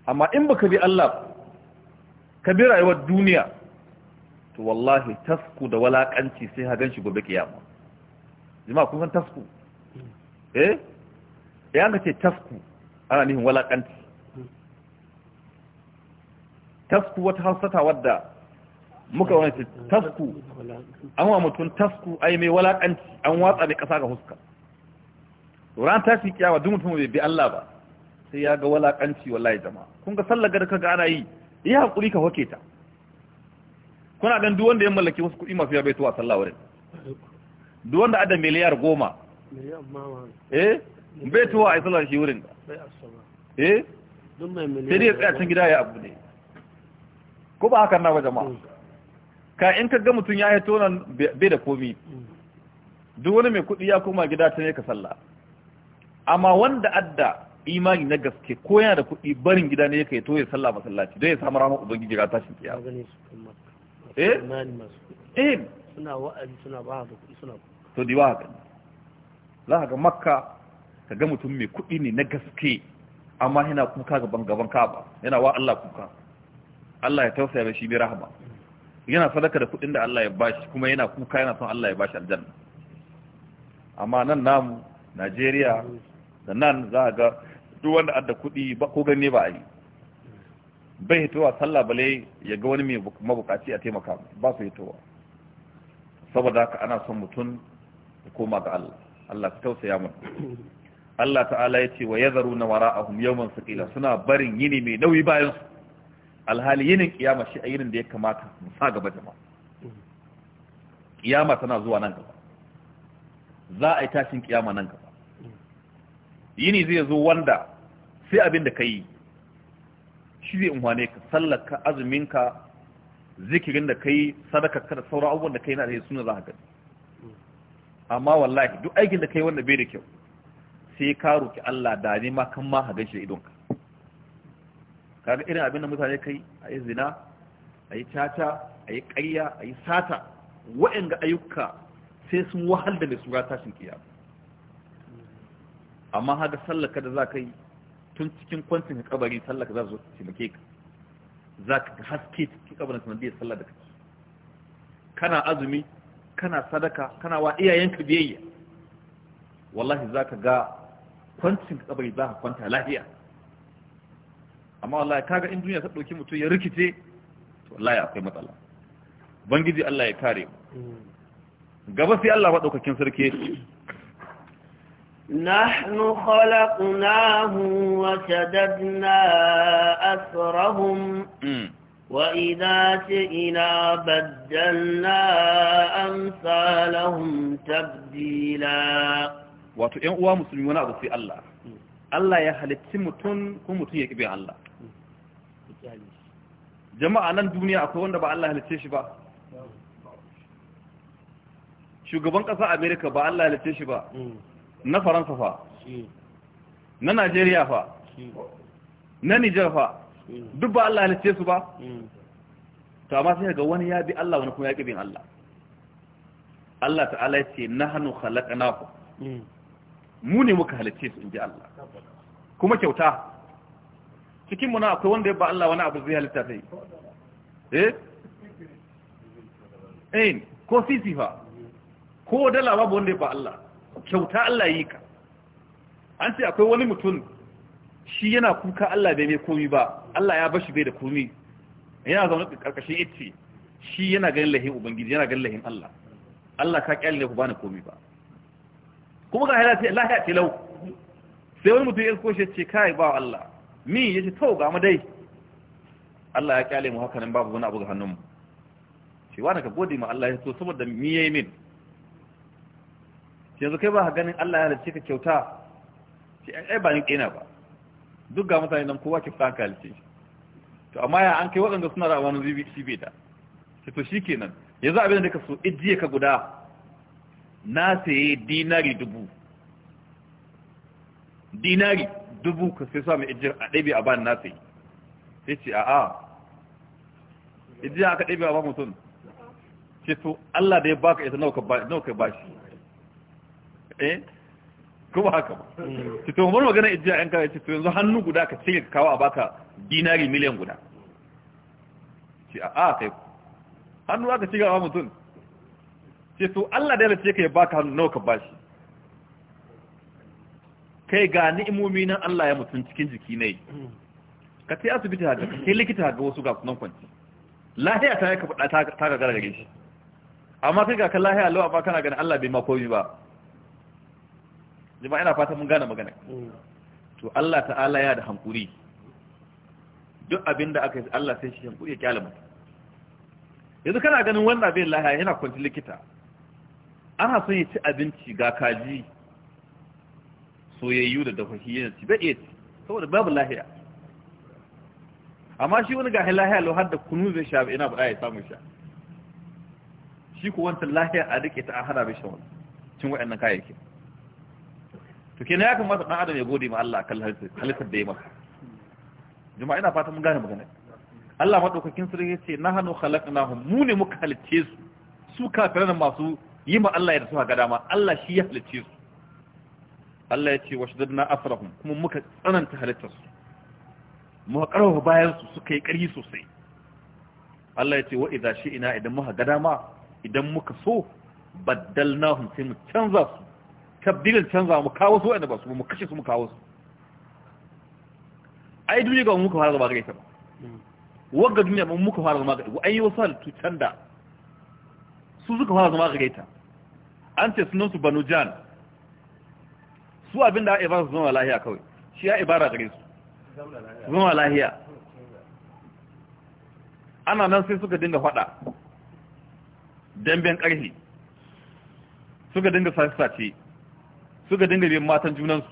[SPEAKER 2] amma in baka bi Allah ka bi rayuwar duniya to wallahi tasku da walakanci sai ha shi gobe kiyama jama'a kun san tasku eh ya eh, ga ce tasku ana nihin walakanci tasku wata hausata wadda muka wani ce tasku an wa mutum tasku ai mai walakanci an watsa mai kasa ga huska ran tashi kiyawa duk mutum bai bi Allah ba sai ya ga walakanci wallahi jama'a kun ga sallar da kaga ana yi yi hakuri ka hoke ta kuna dan duk wanda ya mallaki wasu kuɗi masu yawa tuwa sallah wurin duk wanda ada miliyar goma eh bai tuwa a sallah shi wurin eh
[SPEAKER 3] sai dai ya tsaya can gida ya abu ne
[SPEAKER 2] ko ba haka na ba jama'a hmm. ka in ka ga mutum ya hito nan bai da komi hmm. duk wani mai kuɗi ya koma gida ta ne ka sallah amma wanda adda imani na gaske ko yana da kuɗi barin gida ne ya kai to ya sallah masallaci don ya samu ramar ubangiji ga tashin kiyama eh, eh. to di wa haka za ka ga makka ka ga mutum mai kuɗi ne na gaske amma yana kuka gaban gaban kaba yana wa Allah kuka Allah ya tausaya mai shi bi rahama yana sadaka da kuɗin da Allah ya bashi kuma yana kuka yana son Allah ya bashi aljanna amma nan namu Najeriya da nan za ga duk wanda adda kuɗi ba ko gani ba a yi bai hitowa sallah bale ya ga wani mai mabukaci a taimaka ba su hitowa saboda haka ana son mutum ya koma ga Allah Allah ka tausaya mu Allah ta'ala ya ce wa ya zaru na wara hum yawon sakila suna barin yini mai nauyi bayan su alhali yinin kiyama shi a yinin da ya kamata mu sa gaba jama'a kiyama tana zuwa nan gaba za a yi tashin kiyama nan gaba mm. yini zai zo wanda sai abin da ka yi. shi zai umarne ka sallaka azuminka zikirin da kai sadaka da sauran abubuwan da kai na da suna za ka gani amma wallahi duk aikin da kai wanda bai da kyau sai ka roki Allah da ne ma kan ma ka shi da idonka kaga irin abin da mutane kai a yi zina a yi caca a yi ƙarya a yi sata waɗanda ayyuka sai sun wahal da mai sura tashin kiyama amma haka sallaka da za ka yi tun cikin kwancin kabari sallah za su make ka za ka haske cikin kabarin sanadiyar sallah da ka kana azumi kana sadaka kana wa iyayenka biyayya wallahi za ka ga kwancin kabari za ka kwanta lafiya amma wallahi kaga in duniya ta ɗauki mutum ya rikice to wallahi akwai matsala bangiji Allah ya kare mm. gaba sai Allah maɗaukakin sarki
[SPEAKER 1] نحن خلقناهم وشددنا أسرهم وإذا شئنا بدلنا
[SPEAKER 2] أمثالهم تبديلا wato ‘yan uwa musulmi wani abu sai Allah Allah ya halitti mutum kuma mutum ya ƙibe Allah jama'a nan duniya akwai wanda ba Allah halitte shi ba shugaban ƙasa Amerika ba Allah halitte shi ba na faransa fa na najeriya fa na nijar fa duk ba Allah halice su ba to amma sai ga wani ya bi Allah wani kuma ya bin Allah Allah ta'ala yace na ku mu ne muka halice su inji Allah kuma kyauta cikin mu na akwai wanda ya ba Allah wani abu zai halitta sai eh, eh ko sisi fa ko dala babu wanda ya ba Allah kyauta Allah yi ka an ce akwai wani mutum shi yana kuka Allah bai mai komi ba Allah ya bashi bai da komi yana zaune karkashin itti shi yana ganin lahin ubangiji yana ganin lahin Allah Allah ka ne ku bani komi ba kuma ga hayar ce lahiya tilau. sai wani mutum ya koshe ce kai ba Allah mi yace to ga mu dai Allah ya kyale mu haka nan babu wani abu ga hannun mu shi wani ka gode ma Allah ya so saboda mi yayi min yanzu kai ba ka ganin Allah ya halicce ka kyauta ce ai ba ni kena ba duk ga mutane nan kowa fita ka shi to amma ya an kai waɗanda suna da wani zibi shi bai da to kenan yanzu abin da ka so ijiye ka guda na saye dinari dubu dinari dubu ka sai samu ijiyar a ɗabi a bani na saye sai ce a'a ijiyar aka ɗabi a ban mutum ce to Allah da ya baka ita nawa ka ba shi eh kuma haka ba ki to magana ijja yan kawai yanzu hannu guda ka ce ka kawo a baka dinari miliyan guda ce a kai hannu aka ci gaba mutum ce to Allah da ya ce ka yi baka hannu nawa ka bashi kai ga ni'imomi nan Allah ya mutum cikin jiki ne ka ce sai asibiti haka ce likita ga wasu ga sunan kwanci lahiya ta yi ka faɗa ta ga gare shi amma kai ga kan lahiya lawa ba kana gani Allah bai ma komi ba jama'a ina fata mun gane magana mm. to Allah ta'ala ya da hankuri duk abinda aka yi Allah sai shi hankuri ya kyalama yanzu kana ganin wannan abin lahiya yana kwanci likita ana son ya ci abinci ga kaji soyayyu da dafashi yana ci bai iya ci saboda babu lahiya amma shi wani gahi lahiya har da kunu zai sha ina buɗa ya samu sha shi ku wancan lahiya a duk ta an hana bai shawar wani cin waɗannan kayayyaki to kenan ya kamata ɗan adam ya gode ma Allah a kan halittar da ya masa jama'a ina fata mun gane magana Allah madaukakin sarki na hannu khalaqnahum mu ne muka halicce su su kafiran masu yi ma Allah ya rasu a gada ma Allah shi ya halicce su Allah ya ce yace washdadna asrahum kuma muka tsananta halittar su muka karfafa bayan su suka yi ƙarfi sosai Allah ya ce wa idan shi ina idan muka gada ma idan muka so baddalnahum sai mu canza su tabdilin canza mu kawo su wa'anda ba su mu kashe su mu kawo su ai duniya ga muka fara zama gaita ba wagga duniya mun muka fara zama gaita an yi wasu halittu canda su suka fara zama gaita an ce sunan su banu jan su abin da ya ba su zama lahiya kawai shi ya ibara gare
[SPEAKER 3] su zama lahiya
[SPEAKER 2] ana nan sai suka dinga faɗa damben ƙarfi suka dinga sace-sace suka dinga bin matan junansu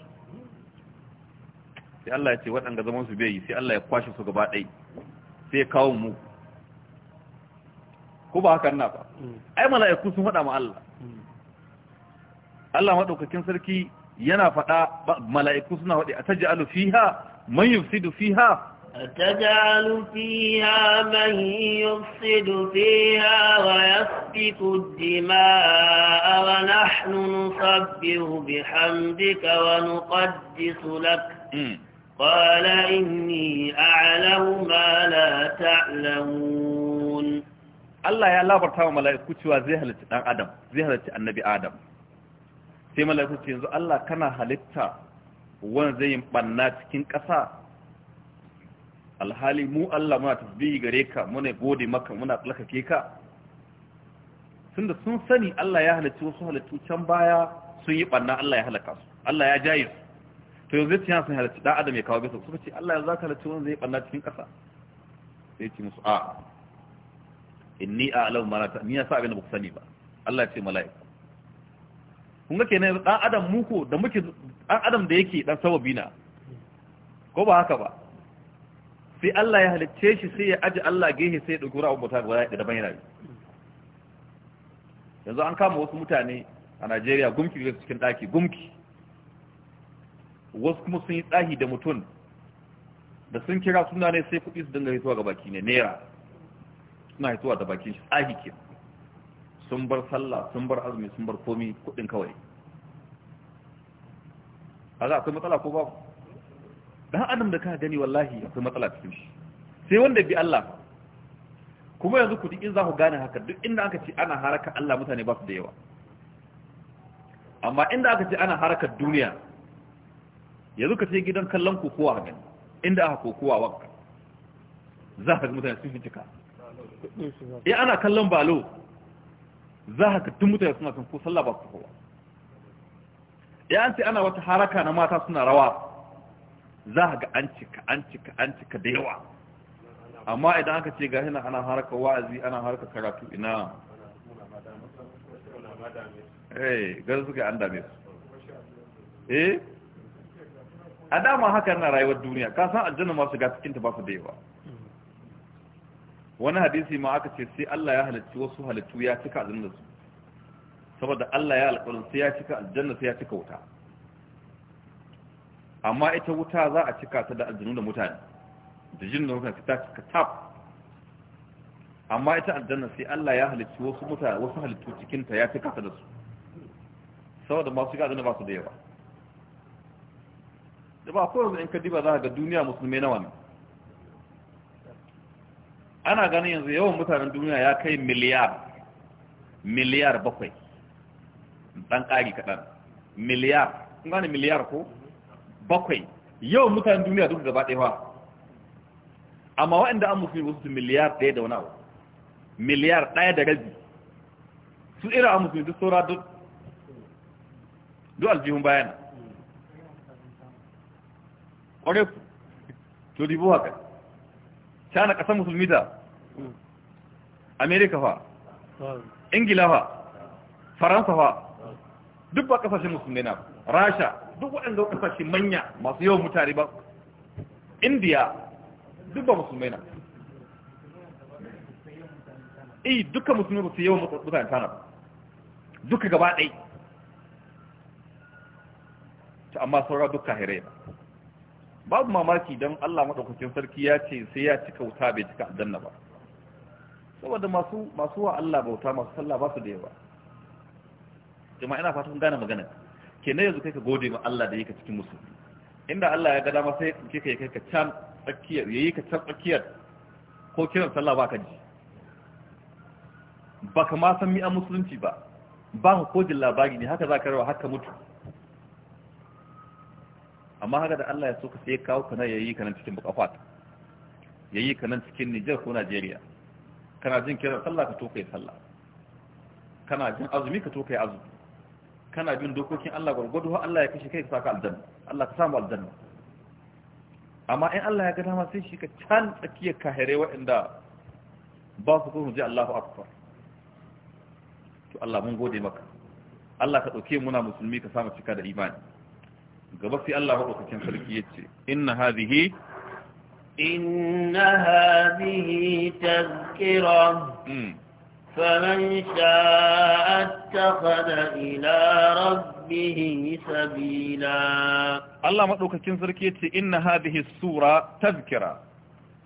[SPEAKER 2] sai Allah ya ce waɗanda zaman su bai yi sai Allah ya kwashe su gaba ɗai sai ya kawo mu ko ba haka na ba ai mala'iku sun faɗa ma Allah Allah madaukakin sarki yana faɗa mala'iku suna faɗi ataj'alu fiha man yufsidu fiha
[SPEAKER 1] أتجعل فيها من يفسد فيها ويسفك الدماء ونحن نصبر بحمدك ونقدس لك قال إني أعلم ما لا
[SPEAKER 2] تعلمون الله يا الله برطاوة ملايكو تشوى زهلة آدم زهلة النبي آدم سيما لا يقول الله كان هلتا وان زي مبنات كين كسا alhali mu Allah muna tasbihi gare ka muna gode maka muna tsarkake ka da sun sani Allah ya halarci wasu halittu can baya sun yi banna Allah ya halaka su Allah ya jaye su to yanzu ya sun halarci dan adam ya kawo bisa suka ce Allah ya zaka halarci wanda zai banna cikin kasa sai ce musu a inni a'lamu ma la ta'ni ya sa abin da ku sani ba Allah ya ce mala'iku kun ga kenan dan adam muku da muke dan adam da yake dan sababi na ko ba haka ba sai Allah ya halicce shi sai ya aji Allah gehe sai ya ɗauki wani abubuwa guda daban yana yanzu an kama wasu mutane a Najeriya gumki da cikin ɗaki gumki wasu kuma sun yi tsahi da mutum da sun kira suna ne sai kuɗi su dinga hituwa ga baki ne naira suna hituwa da bakin shi tsahi ke sun bar sallah sun bar azumi sun bar komi kuɗin kawai a za a matsala ko babu dan adam da ka gani wallahi akwai matsala cikin shi sai wanda bi Allah kuma yanzu ku in za ku gane haka duk inda aka ce ana haraka Allah mutane ba su da yawa amma inda aka ce ana harakar duniya yanzu ka ce gidan kallon kokowa gani inda aka kokowa wanka za ka mutane sun fitika in eh, ana kallon balo za ka tun mutane suna sun ko sallah ba su kowa ya eh, an ce ana wata haraka na mata suna rawa za ga an cika an cika an cika da yawa amma idan aka ce gashi na ana harka wa'azi ana harka karatu ina eh ga suka an dame su eh a dama haka na rayuwar duniya ka san aljanna ma ga cikin ta ba su da yawa wani hadisi ma aka ce sai Allah ya halicci wasu halittu ya cika aljanna saboda Allah ya alƙawarin sai ya cika aljanna sai ya cika wuta amma ita wuta za a cika ta da aljanu da mutane da jin da mutane ta cika tab amma ita aljanna sai Allah ya halicci wasu mutane wasu halittu cikin ta ya cika ta da su saboda masu ga ba su da yawa da ba ko yanzu in ka diba za ga duniya musulmai nawa ne ana ganin yanzu yawan mutanen duniya ya kai miliyar miliyar bakwai dan kari kaɗan miliyar kun gane miliyar ko bakwai yau mutanen duniya da gaba ɗaya amma waɗanda an musulmi wasu miliyar ɗaya da wani abu miliyar ɗaya da rabi su irin an musulmi duk saura duk duk aljihun bayana ƙware ku to ribo haka cana ƙasar musulmi da amerika fa ingila fa faransa fa duk ba ƙasashen musulmi na rasha duk waɗanda kasashe manya masu yawan mutane ba indiya duk ba musulmai na eh duka musulmai ba su yawan mutane tana ba duka gaba ɗai ta amma saura duka hirai ba babu mamaki don Allah maɗaukacin sarki ya ce sai ya cika wuta bai cika aljanna ba saboda masu masu wa Allah bauta masu sallah ba su da yawa jama'a ina fatan gane maganar na yanzu kai ka gode ma Allah da yake cikin musulmi inda Allah ya ga dama sai ke kai kai ka can tsakiyar yayi ka can tsakiyar ko kiran sallah ba ka ji baka ma san mi an musulunci ba ba ka ko labari ne haka za ka rawa haka mutu amma haka da Allah ya so ka sai kawo ka na yayi ka nan cikin bukafat yayi ka nan cikin Niger ko Najeriya kana jin kiran sallah ka to kai sallah kana jin azumi ka to kai azumi kana bin dokokin Allah gwargwado Allah ya kashe kai ka saka aljanna Allah ka samu aljanna amma in Allah ya ga dama sai shi ka can tsakiyar kahere waɗanda ba su kuma ji Allahu akbar to Allah mun gode maka Allah ka dauke muna musulmi ka samu cika da imani gaba sai Allah madaukakin sarki yace inna hadhihi inna hadhihi
[SPEAKER 1] tazkira hmm. فمن شاء اتخذ
[SPEAKER 2] إلى ربه سبيلا الله na كنسركي إن هذه السورة تذكرة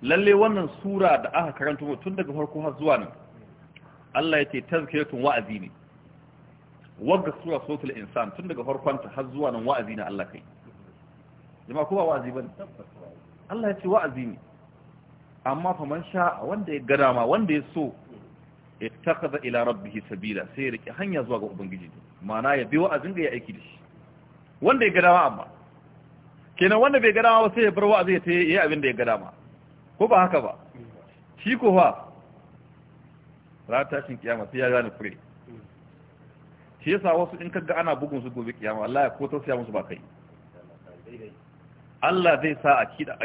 [SPEAKER 2] lalle wannan sura da aka karanta tun daga farko har zuwa nan Allah yace tazkiratun wa'azi ne wagga sura suratul insan tun daga farkon ta har zuwa nan wa'azi ne Allah kai jama'a ko ba wa'azi ne amma sha wanda ya gada ma wanda ya so ittakhadha ila rabbihi sabila sai ya rike hanya zuwa ga ubangiji ma'ana ya bi wa'azin ga ya aiki da shi wanda ya ga dama amma kenan wanda bai ga dama ba sai ya bar wa'azi ya tayi yayi abin da ya ga dama ko ba haka ba shi ko fa ta tashin kiyama sai ya gane kure shi yasa wasu in kaga ana bugun su gobe kiyama Allah ya kotar ya musu ba kai Allah zai sa a kida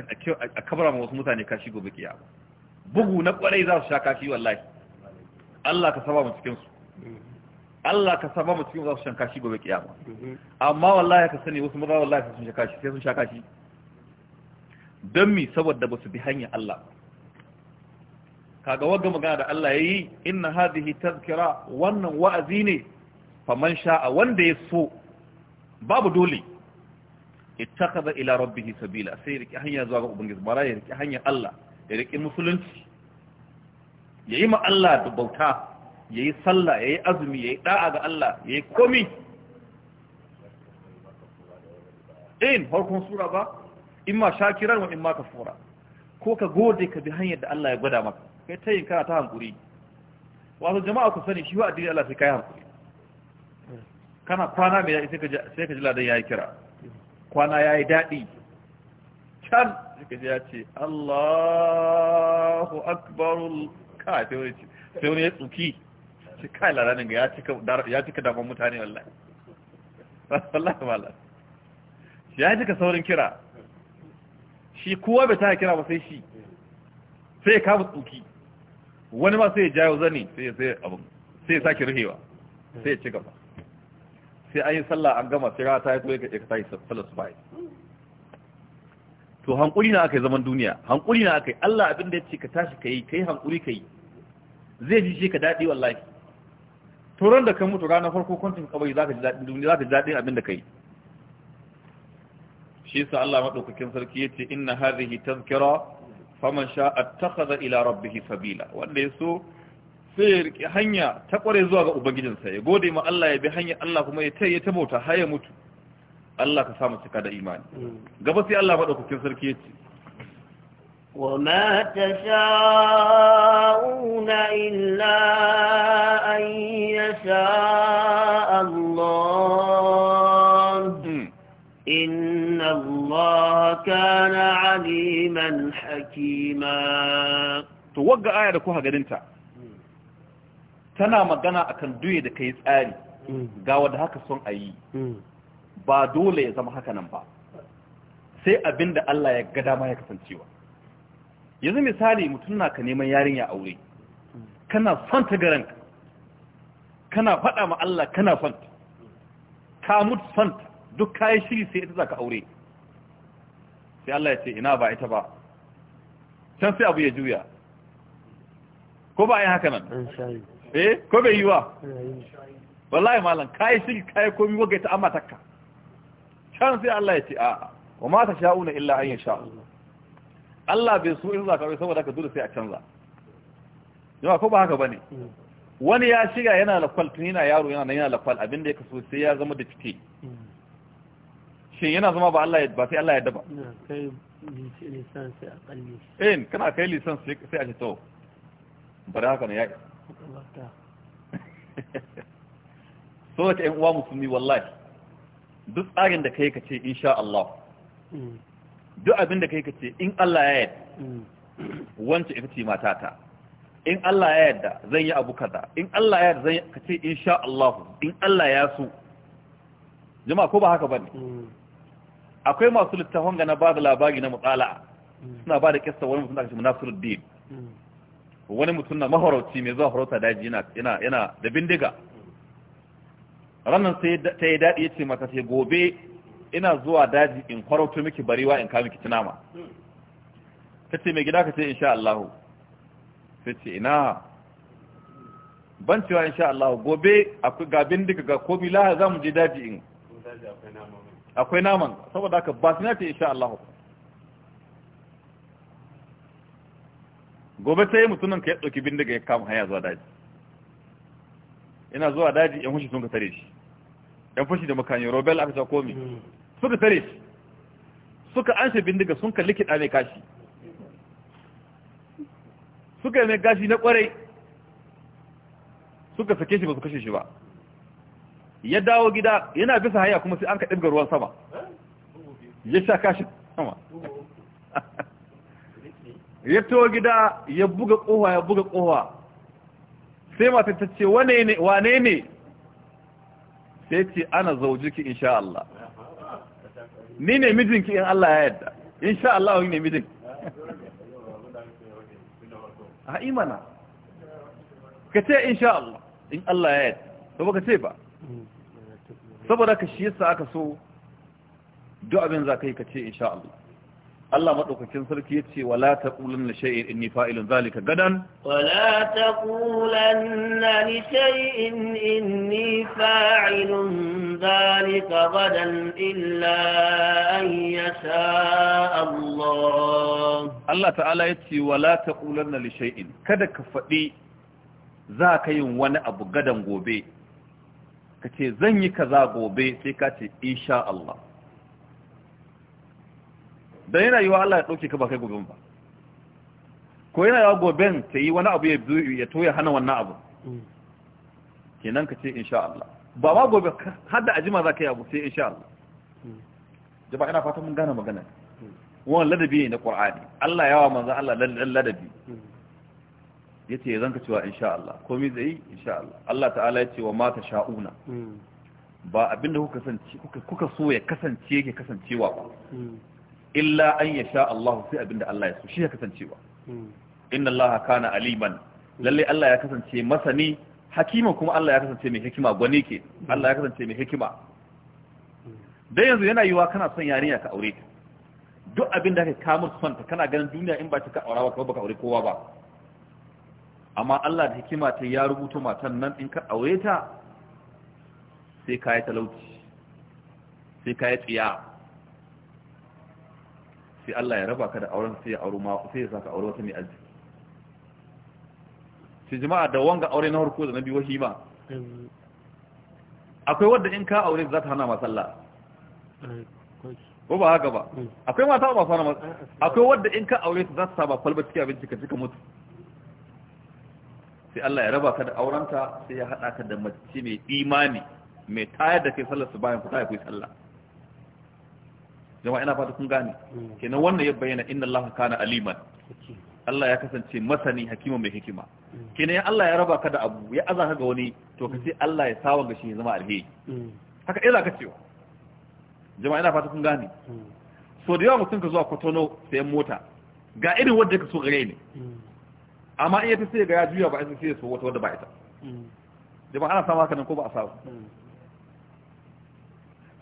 [SPEAKER 2] a kabara wasu mutane kashi gobe kiyama bugu na kwarai za su sha kashi wallahi Allah ka saba mu cikin su Allah ka saba mu cikin za su shanka shi gobe kiyama amma wallahi ka sani wasu maza wallahi sun shanka shi sai sun sha kashi. don mi saboda ba su bi hanyar Allah kaga wagga magana da Allah yayi inna hadhihi tazkira wannan wa'azi ne faman sha'a wanda ya so babu dole ittakhadha ila rabbih sabila sai riki hanya zuwa ga ubangiji bara ya riki hanya Allah ya riki musulunci ya yi Allah da bauta ya yi sallah ya yi azumi ya yi ɗa'a ga Allah ya yi komi in harkon sura ba in ma shakirar wa in ma ka fura ko ka gode ka bi hanyar da Allah ya gwada maka kai ta yin kana ta hankuri wato jama'a ku sani shi wa addini Allah sai ka yi hankuri kana kwana mai daɗi sai ka ji ladan ya yi kira kwana ya yi daɗi can sai ka ji ya ce Allahu akbarul kawai sai wani sai wani ya tsuki shi kai laranin ga ya cika ya cika daman mutane wallahi wallahi wallahi ya cika saurin kira shi kowa bai ta kira ba sai shi sai ya kama tsuki wani ma sai ya jayo zane sai ya sai abun sai ya sake ruhewa sai ya ci gaba sai an yi sallah an gama sai ta yi tsoye ka ta yi sallah su bai to hankuri na aka yi zaman duniya hankuri na aka yi Allah abin da ya ce ka tashi ka yi ka yi hankuri ka yi zai ji ka daɗi wallahi turan da ka mutu ranar farko kwantin kawai za ka ji daɗin duniya za ka ji daɗin abin da ka yi shi sa Allah maɗaukakin sarki ya ce inna hadhihi kira faman sha'a takhadha ila bihi sabila wanda ya so sai ya riƙe hanya ta ƙware zuwa ga ubangijinsa ya gode ma Allah ya bi hanya Allah kuma ya ta ya bauta har ya mutu Allah ka samu cika da imani mm. gaba sai Allah maɗaukakin sarki ya ce وما
[SPEAKER 1] تشاءون إلا أن يشاء الله
[SPEAKER 2] tana magana akan duye da kai tsari mm. ga wanda haka son a yi mm. ba dole ya zama haka nan ba sai abinda Allah ya gada ma ya kasancewa yanzu misali mutum na ka neman yarinya aure kana son ta garan kana fada ma Allah kana son ka mutu son ta duk kayan shiri sai ita za ka aure sai Allah ya ce ina ba ita ba can sai abu ya juya ko ba a yi haka nan eh ko bai yi wa wallahi malam kayi shiri kayi komi waga ita amma takka can sai Allah ya ce a wa ma ta sha'una illa an yasha Allah Allah bai so in zaka saboda ka dole sai a canza yawa ko ba haka bane wani ya shiga yana lakwal tun yana yaro yana nan yana lakwal abin da ya kaso sai ya zama da fite shin yana zama ba Allah ba sai Allah ya daba
[SPEAKER 3] kai lisan sai a
[SPEAKER 2] eh, kana kai lisan sai a ce to bari haka ne ya so ta ƴan uwa musulmi wallahi duk tsarin da kai ka ce insha Allah mm. duk abin da kai ka ce in Allah ya yarda mm. wancan ita ce matata in Allah ya yarda zan yi abu kaza in Allah ya yarda zan ka ce insha Allah in Allah ya so jama'a ko ba haka bane mm. akwai masu littafin ga na ba da labari na mutsala mm. suna ba da kissa wani mutum da kashi munasiruddin wani mutum na mahorauci mai zuwa horauta daji yana da bindiga ranar sai ta yi daɗi ya ce mata sai gobe ina zuwa daji in farauto miki bariwa in kawo miki tunama ta ce mai gida ka ce insha Allah ta ce ina ban cewa insha Allah gobe akwai gabin duka ga komi laha za mu je daji in akwai naman saboda haka ba su ce insha Allah gobe ta yi mutunan ka ya ɗauki bindiga ya kama hanya zuwa daji ina zuwa daji yan fushi sun ka tare shi yan fushi da makani robel aka sa komi hmm. suka tare shi suka an bindiga sun kalli kiɗa mai kashi suka yi mai gashi na ƙwarai suka sake shi ba su kashe shi ba ya dawo gida yana bisa haya kuma sai an ka ɗibga ruwan sama ya sha kashi sama ya tawo gida ya buga ƙowa ya buga ƙowa sai matattace ce wane ne sai ce ana zaujiki insha Allah ni ne mijinki in Allah ya yarda insha Allah ne mijin a imana ka ce insha Allah in Allah ya yarda to baka ce ba saboda ka shi yasa aka so duk abin za ka yi ka ce insha Allah Allah maɗaukakin sarki ya yace wala taqulanna shay'in inni fa'ilun zalika gadan
[SPEAKER 1] wala taqulanna li shay'in inni fa'ilun zalika gadan illa an
[SPEAKER 2] yasha Allah Allah ta'ala ya yace wala taqulanna li shay'in kada ka faɗi za ka yin wani abu gadan gobe ka ce zan yi kaza gobe sai ka ce sha Allah dan yana yi wa Allah ya ɗauke ka ba kai gobe ba ko yana yi wa gobe ta yi wani abu ya toya hana wannan abu kenan ka ce insha Allah ba ma gobe har da ajima za ka yi abu sai insha Allah ba ina fatan mun gane magana wani ladabi ne na ƙwar'ani Allah yawa manzan Allah ladabi yace zan ka cewa insha Allah komai zai insha Allah Allah ta'ala ya ce wa mata sha'una. Hmm. ba abinda kuka kuka so ya kasance yake kasancewa ba hmm. illa an ya sha Allah sai abinda Allah ya so shi ya kasancewa inna Allah kana aliman lalle Allah ya kasance masani hakima kuma Allah ya kasance mai hikima gwani ke Allah ya kasance mai hikima dan yanzu yana yiwa kana son yarinya ka aure ta duk abinda ka kamar son ta kana ganin duniya in ba ta ka aura ba ka aure kowa ba amma Allah da hikima ta ya rubuta matan nan in ka aure ta sai ka yi talauci sai ka yi tsiya sai Allah ya raba ka da auren sai ya auro ma sai ya saka aure wata mai arziki shi jama'a da wanga aure na harko da na biyu wahi ma akwai wadda in ka aure za ta hana ma sallah ko ba haka ba akwai mata ba fara akwai wadda in ka aure su za ta saba kwalba cikin abinci ka cika mutu sai Allah ya raba ka da aurenta sai ya hada ka da mace mai imani mai tayar da kai sallar su bayan ku ta yi sallah jama'a ina fata kun gane hmm. kenan wannan ya bayyana inna Allah kana aliman Allah ya kasance masani hakima mai hikima hmm. kenan Allah ya raba ka da abu ya aza ka ga wani to ka ce hmm. Allah ya sawa ga shi ya zama alheri haka eh ka cewa jama'a ina fata kun gane so da yawa mutum ka zuwa kwatano sayan mota ga irin wadda ka so gare ni amma in ya ta sai ga ya juya ba sai ya so wata wadda ba ita jama'a ana samu haka nan ko ba a samu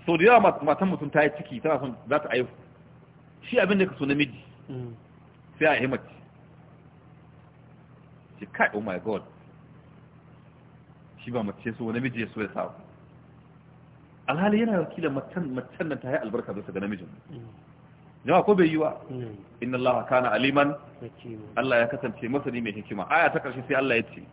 [SPEAKER 2] so da yawa matan mutum ta yi ciki tana son za ta aihu shi abin da ka so namiji mm. sai a himaci shi kai oh my god shi ba mace so namiji ya so ya sa alhali yana wakila macen macen nan ta yi albarka bisa ga namijin mm. jama'a ko bai yi wa mm. inna Allah kana aliman Allah ya kasance masani mai hikima aya ta karshe sai Allah ya ce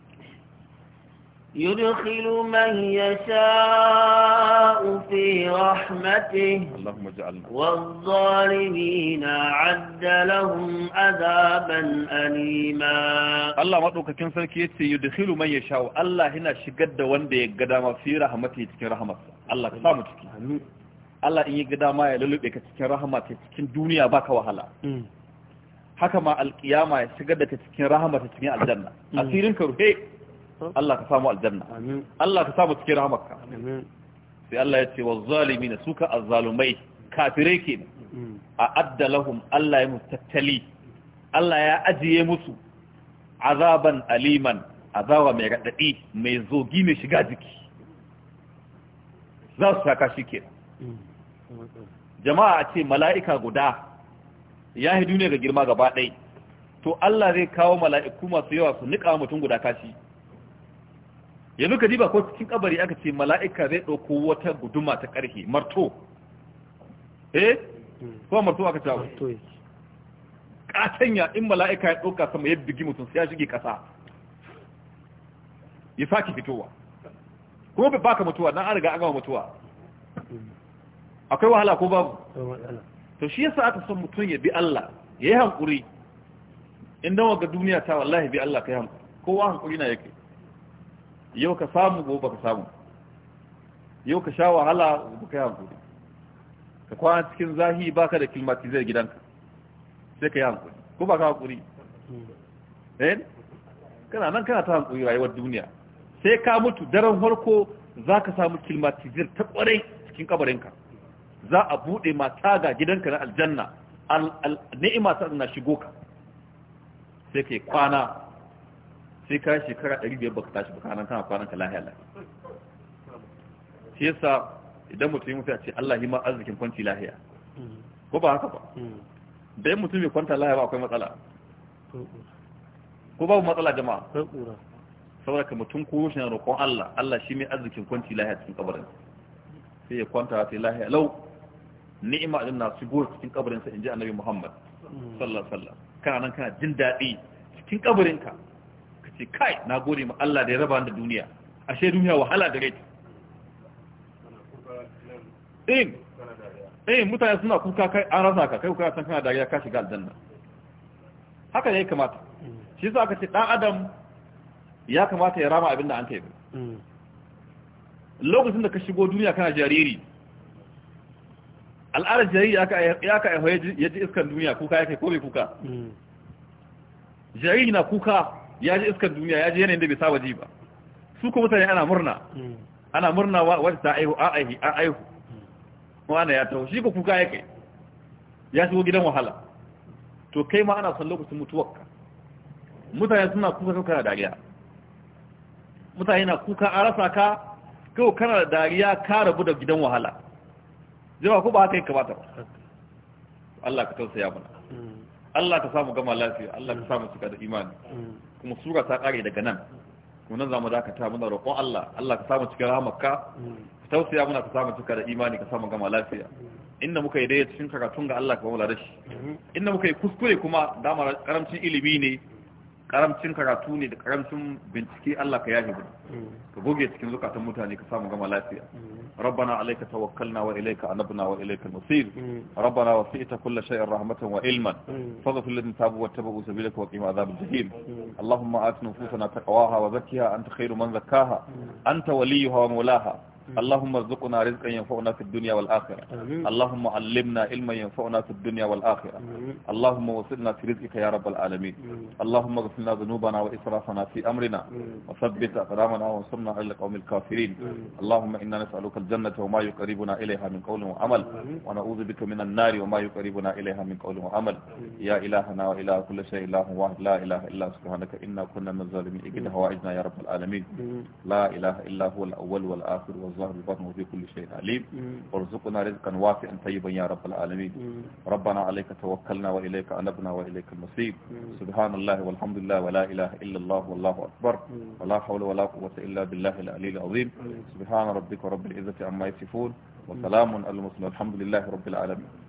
[SPEAKER 2] يدخل من
[SPEAKER 1] يشاء في رحمته اللهم اجعلنا والظالمين
[SPEAKER 2] عد لهم عذابا أليما الله مدوك كن سركي يدخل من يشاء الله هنا شقد ده وند يقدام في رحمته تكن رحمة الله كسامو تكن الله إن يقدام يا للب يكتكن رحمته تكن دنيا باك وهلا haka ma alkiyama ya shigar da ta cikin rahama ta cikin aljanna asirin ka ruhe Allah ka samu aljanna Allah ka samu cikin rahmarka sai Allah ya ce wa zalimin suka azzalumai kafirai kenan mm. a adda lahum Allah ya mutattali Allah ya ajiye musu azaban aliman azaba mai radadi mai zogi mai shiga jiki za su saka shi ke. Mm. jama'a a ce mala'ika guda ya hidu ne ga girma gaba ɗai to Allah zai kawo mala'iku masu yawa su niƙa mutum guda kashi yanzu ka diba ko cikin kabari aka ce mala'ika zai ɗauko wata guduma ta ƙarfe marto eh ko marto aka ce katanya in mala'ika ya ɗauka sama ya bigi mutum sai ya shige ƙasa ya saki fitowa kuma bai baka mutuwa nan an riga an gama mutuwa akwai wahala ko babu to shi yasa aka son mutum ya bi Allah ya yi hankuri in dawo ga duniya ta wallahi bi Allah kai hankuri kowa hankuri na yake yau ka samu gobe baka samu yau ka sha wahala baka yi hankali ka kwana cikin zahi baka da kilmatizar gidanka sai ka yi hankali ko baka hankali eh kana nan kana ta hankali rayuwar duniya sai ka mutu daren farko za ka samu kilmatizar ta kwarai cikin kabarinka za a buɗe mata ga gidanka na aljanna ni'ima ta na shigo ka sai ka yi kwana sai ka shekara ɗari 500 baka tashi baka nan kana kwanan ka lahiya lahiya shi yasa idan mutum mutu a ce Allah ma arzikin kwanci lahiya ko ba haka ba mm. da yin mutum mai kwanta lahiya ba akwai matsala ko babu matsala jama'a saboda ka mutum ko shi na roƙon Allah Allah shi mai arzikin kwanci lahiya cikin kabarin sai ya kwanta sai lahiya lau ni'ima din na shigo cikin kabarin sa inji annabi Muhammad mm. sallallahu alaihi wasallam kana nan kana jin daɗi cikin kabarin ka ce kai na gode ma Allah da ya raba da duniya ashe duniya wahala da rai eh, eh mutane suna kuka kai an rasa ka kai kuka san kana dariya ka shiga aljanna haka ne kamata shi yasa aka ce dan adam ya kamata ya rama abinda an kai lokacin da ka shigo duniya kana jariri al'ada jariri ya ka aiho ya ji iskan duniya kuka ya kai ko bai kuka mm. jariri na kuka ya ji iskar duniya ya ji yanayin da bai saba ji ba su ko mutane ana murna ana murna wata ta aihu a aihu a aihu wani ya taho shi ko kuka ya kai ya shigo gidan wahala to kai ma ana son lokacin mutuwarka mutane suna kuka kuka da dariya mutane na kuka a rasa ka kawo kana da dariya ka rabu da gidan wahala jama ko ba haka yi kamata ba Allah ka tausaya mana mm. Allah ka samu gama lafiya Allah ka samu cika da imani mm. kuma sura ta kare daga nan kuma nan zamu dakata muna roƙon Allah Allah ka samu cika rahmarka mm. tausaya muna ka samu cika da imani ka samu gama lafiya mm. inda muka yi dai cikin karatun ga Allah ka bamu da shi mm-hmm. inda muka yi kuskure kuma dama karamcin ilimi ne karamcin karatu ne da karamcin bincike Allah ka yahi gudu mm. ka goge cikin zukatan mutane ka samu gama lafiya mm. rabbana alayka tawakkalna wa ilayka anabna wa ilayka al
[SPEAKER 3] mm.
[SPEAKER 2] rabbana wasi'ta kulla shay'in rahmatan wa ilman faghfir lana tabu wa tabu sabilaka wa qina adhab al-jahim allahumma atina nufusana taqwaha wa zakkiha anta khayru man zakkaha anta waliyuha wa mawlaha اللهم ارزقنا رزقا ينفعنا في الدنيا والآخرة اللهم علمنا علما ينفعنا في الدنيا والآخرة اللهم وصلنا في رزقك يا رب العالمين اللهم اغفر لنا ذنوبنا وإسرافنا في أمرنا وثبت أقدامنا وانصرنا على القوم الكافرين اللهم إنا نسألك الجنة وما يقربنا إليها من قول وعمل ونعوذ بك من النار وما يقربنا إليها من قول وعمل يا إلهنا وإله كل شيء إله واحد لا إله إلا سبحانك إنا كنا من الظالمين إجد هوائجنا يا رب العالمين لا إله إلا هو الأول والآخر والزالمين الله ببطن وفي كل شيء عليم وارزقنا رزقا واسعا طيبا يا رب العالمين ربنا عليك توكلنا وإليك أنبنا وإليك المصير سبحان الله والحمد لله ولا إله إلا الله والله أكبر ولا حول ولا قوة إلا بالله العلي العظيم سبحان ربك رب العزة عما يصفون وسلام على المسلمين الحمد لله رب العالمين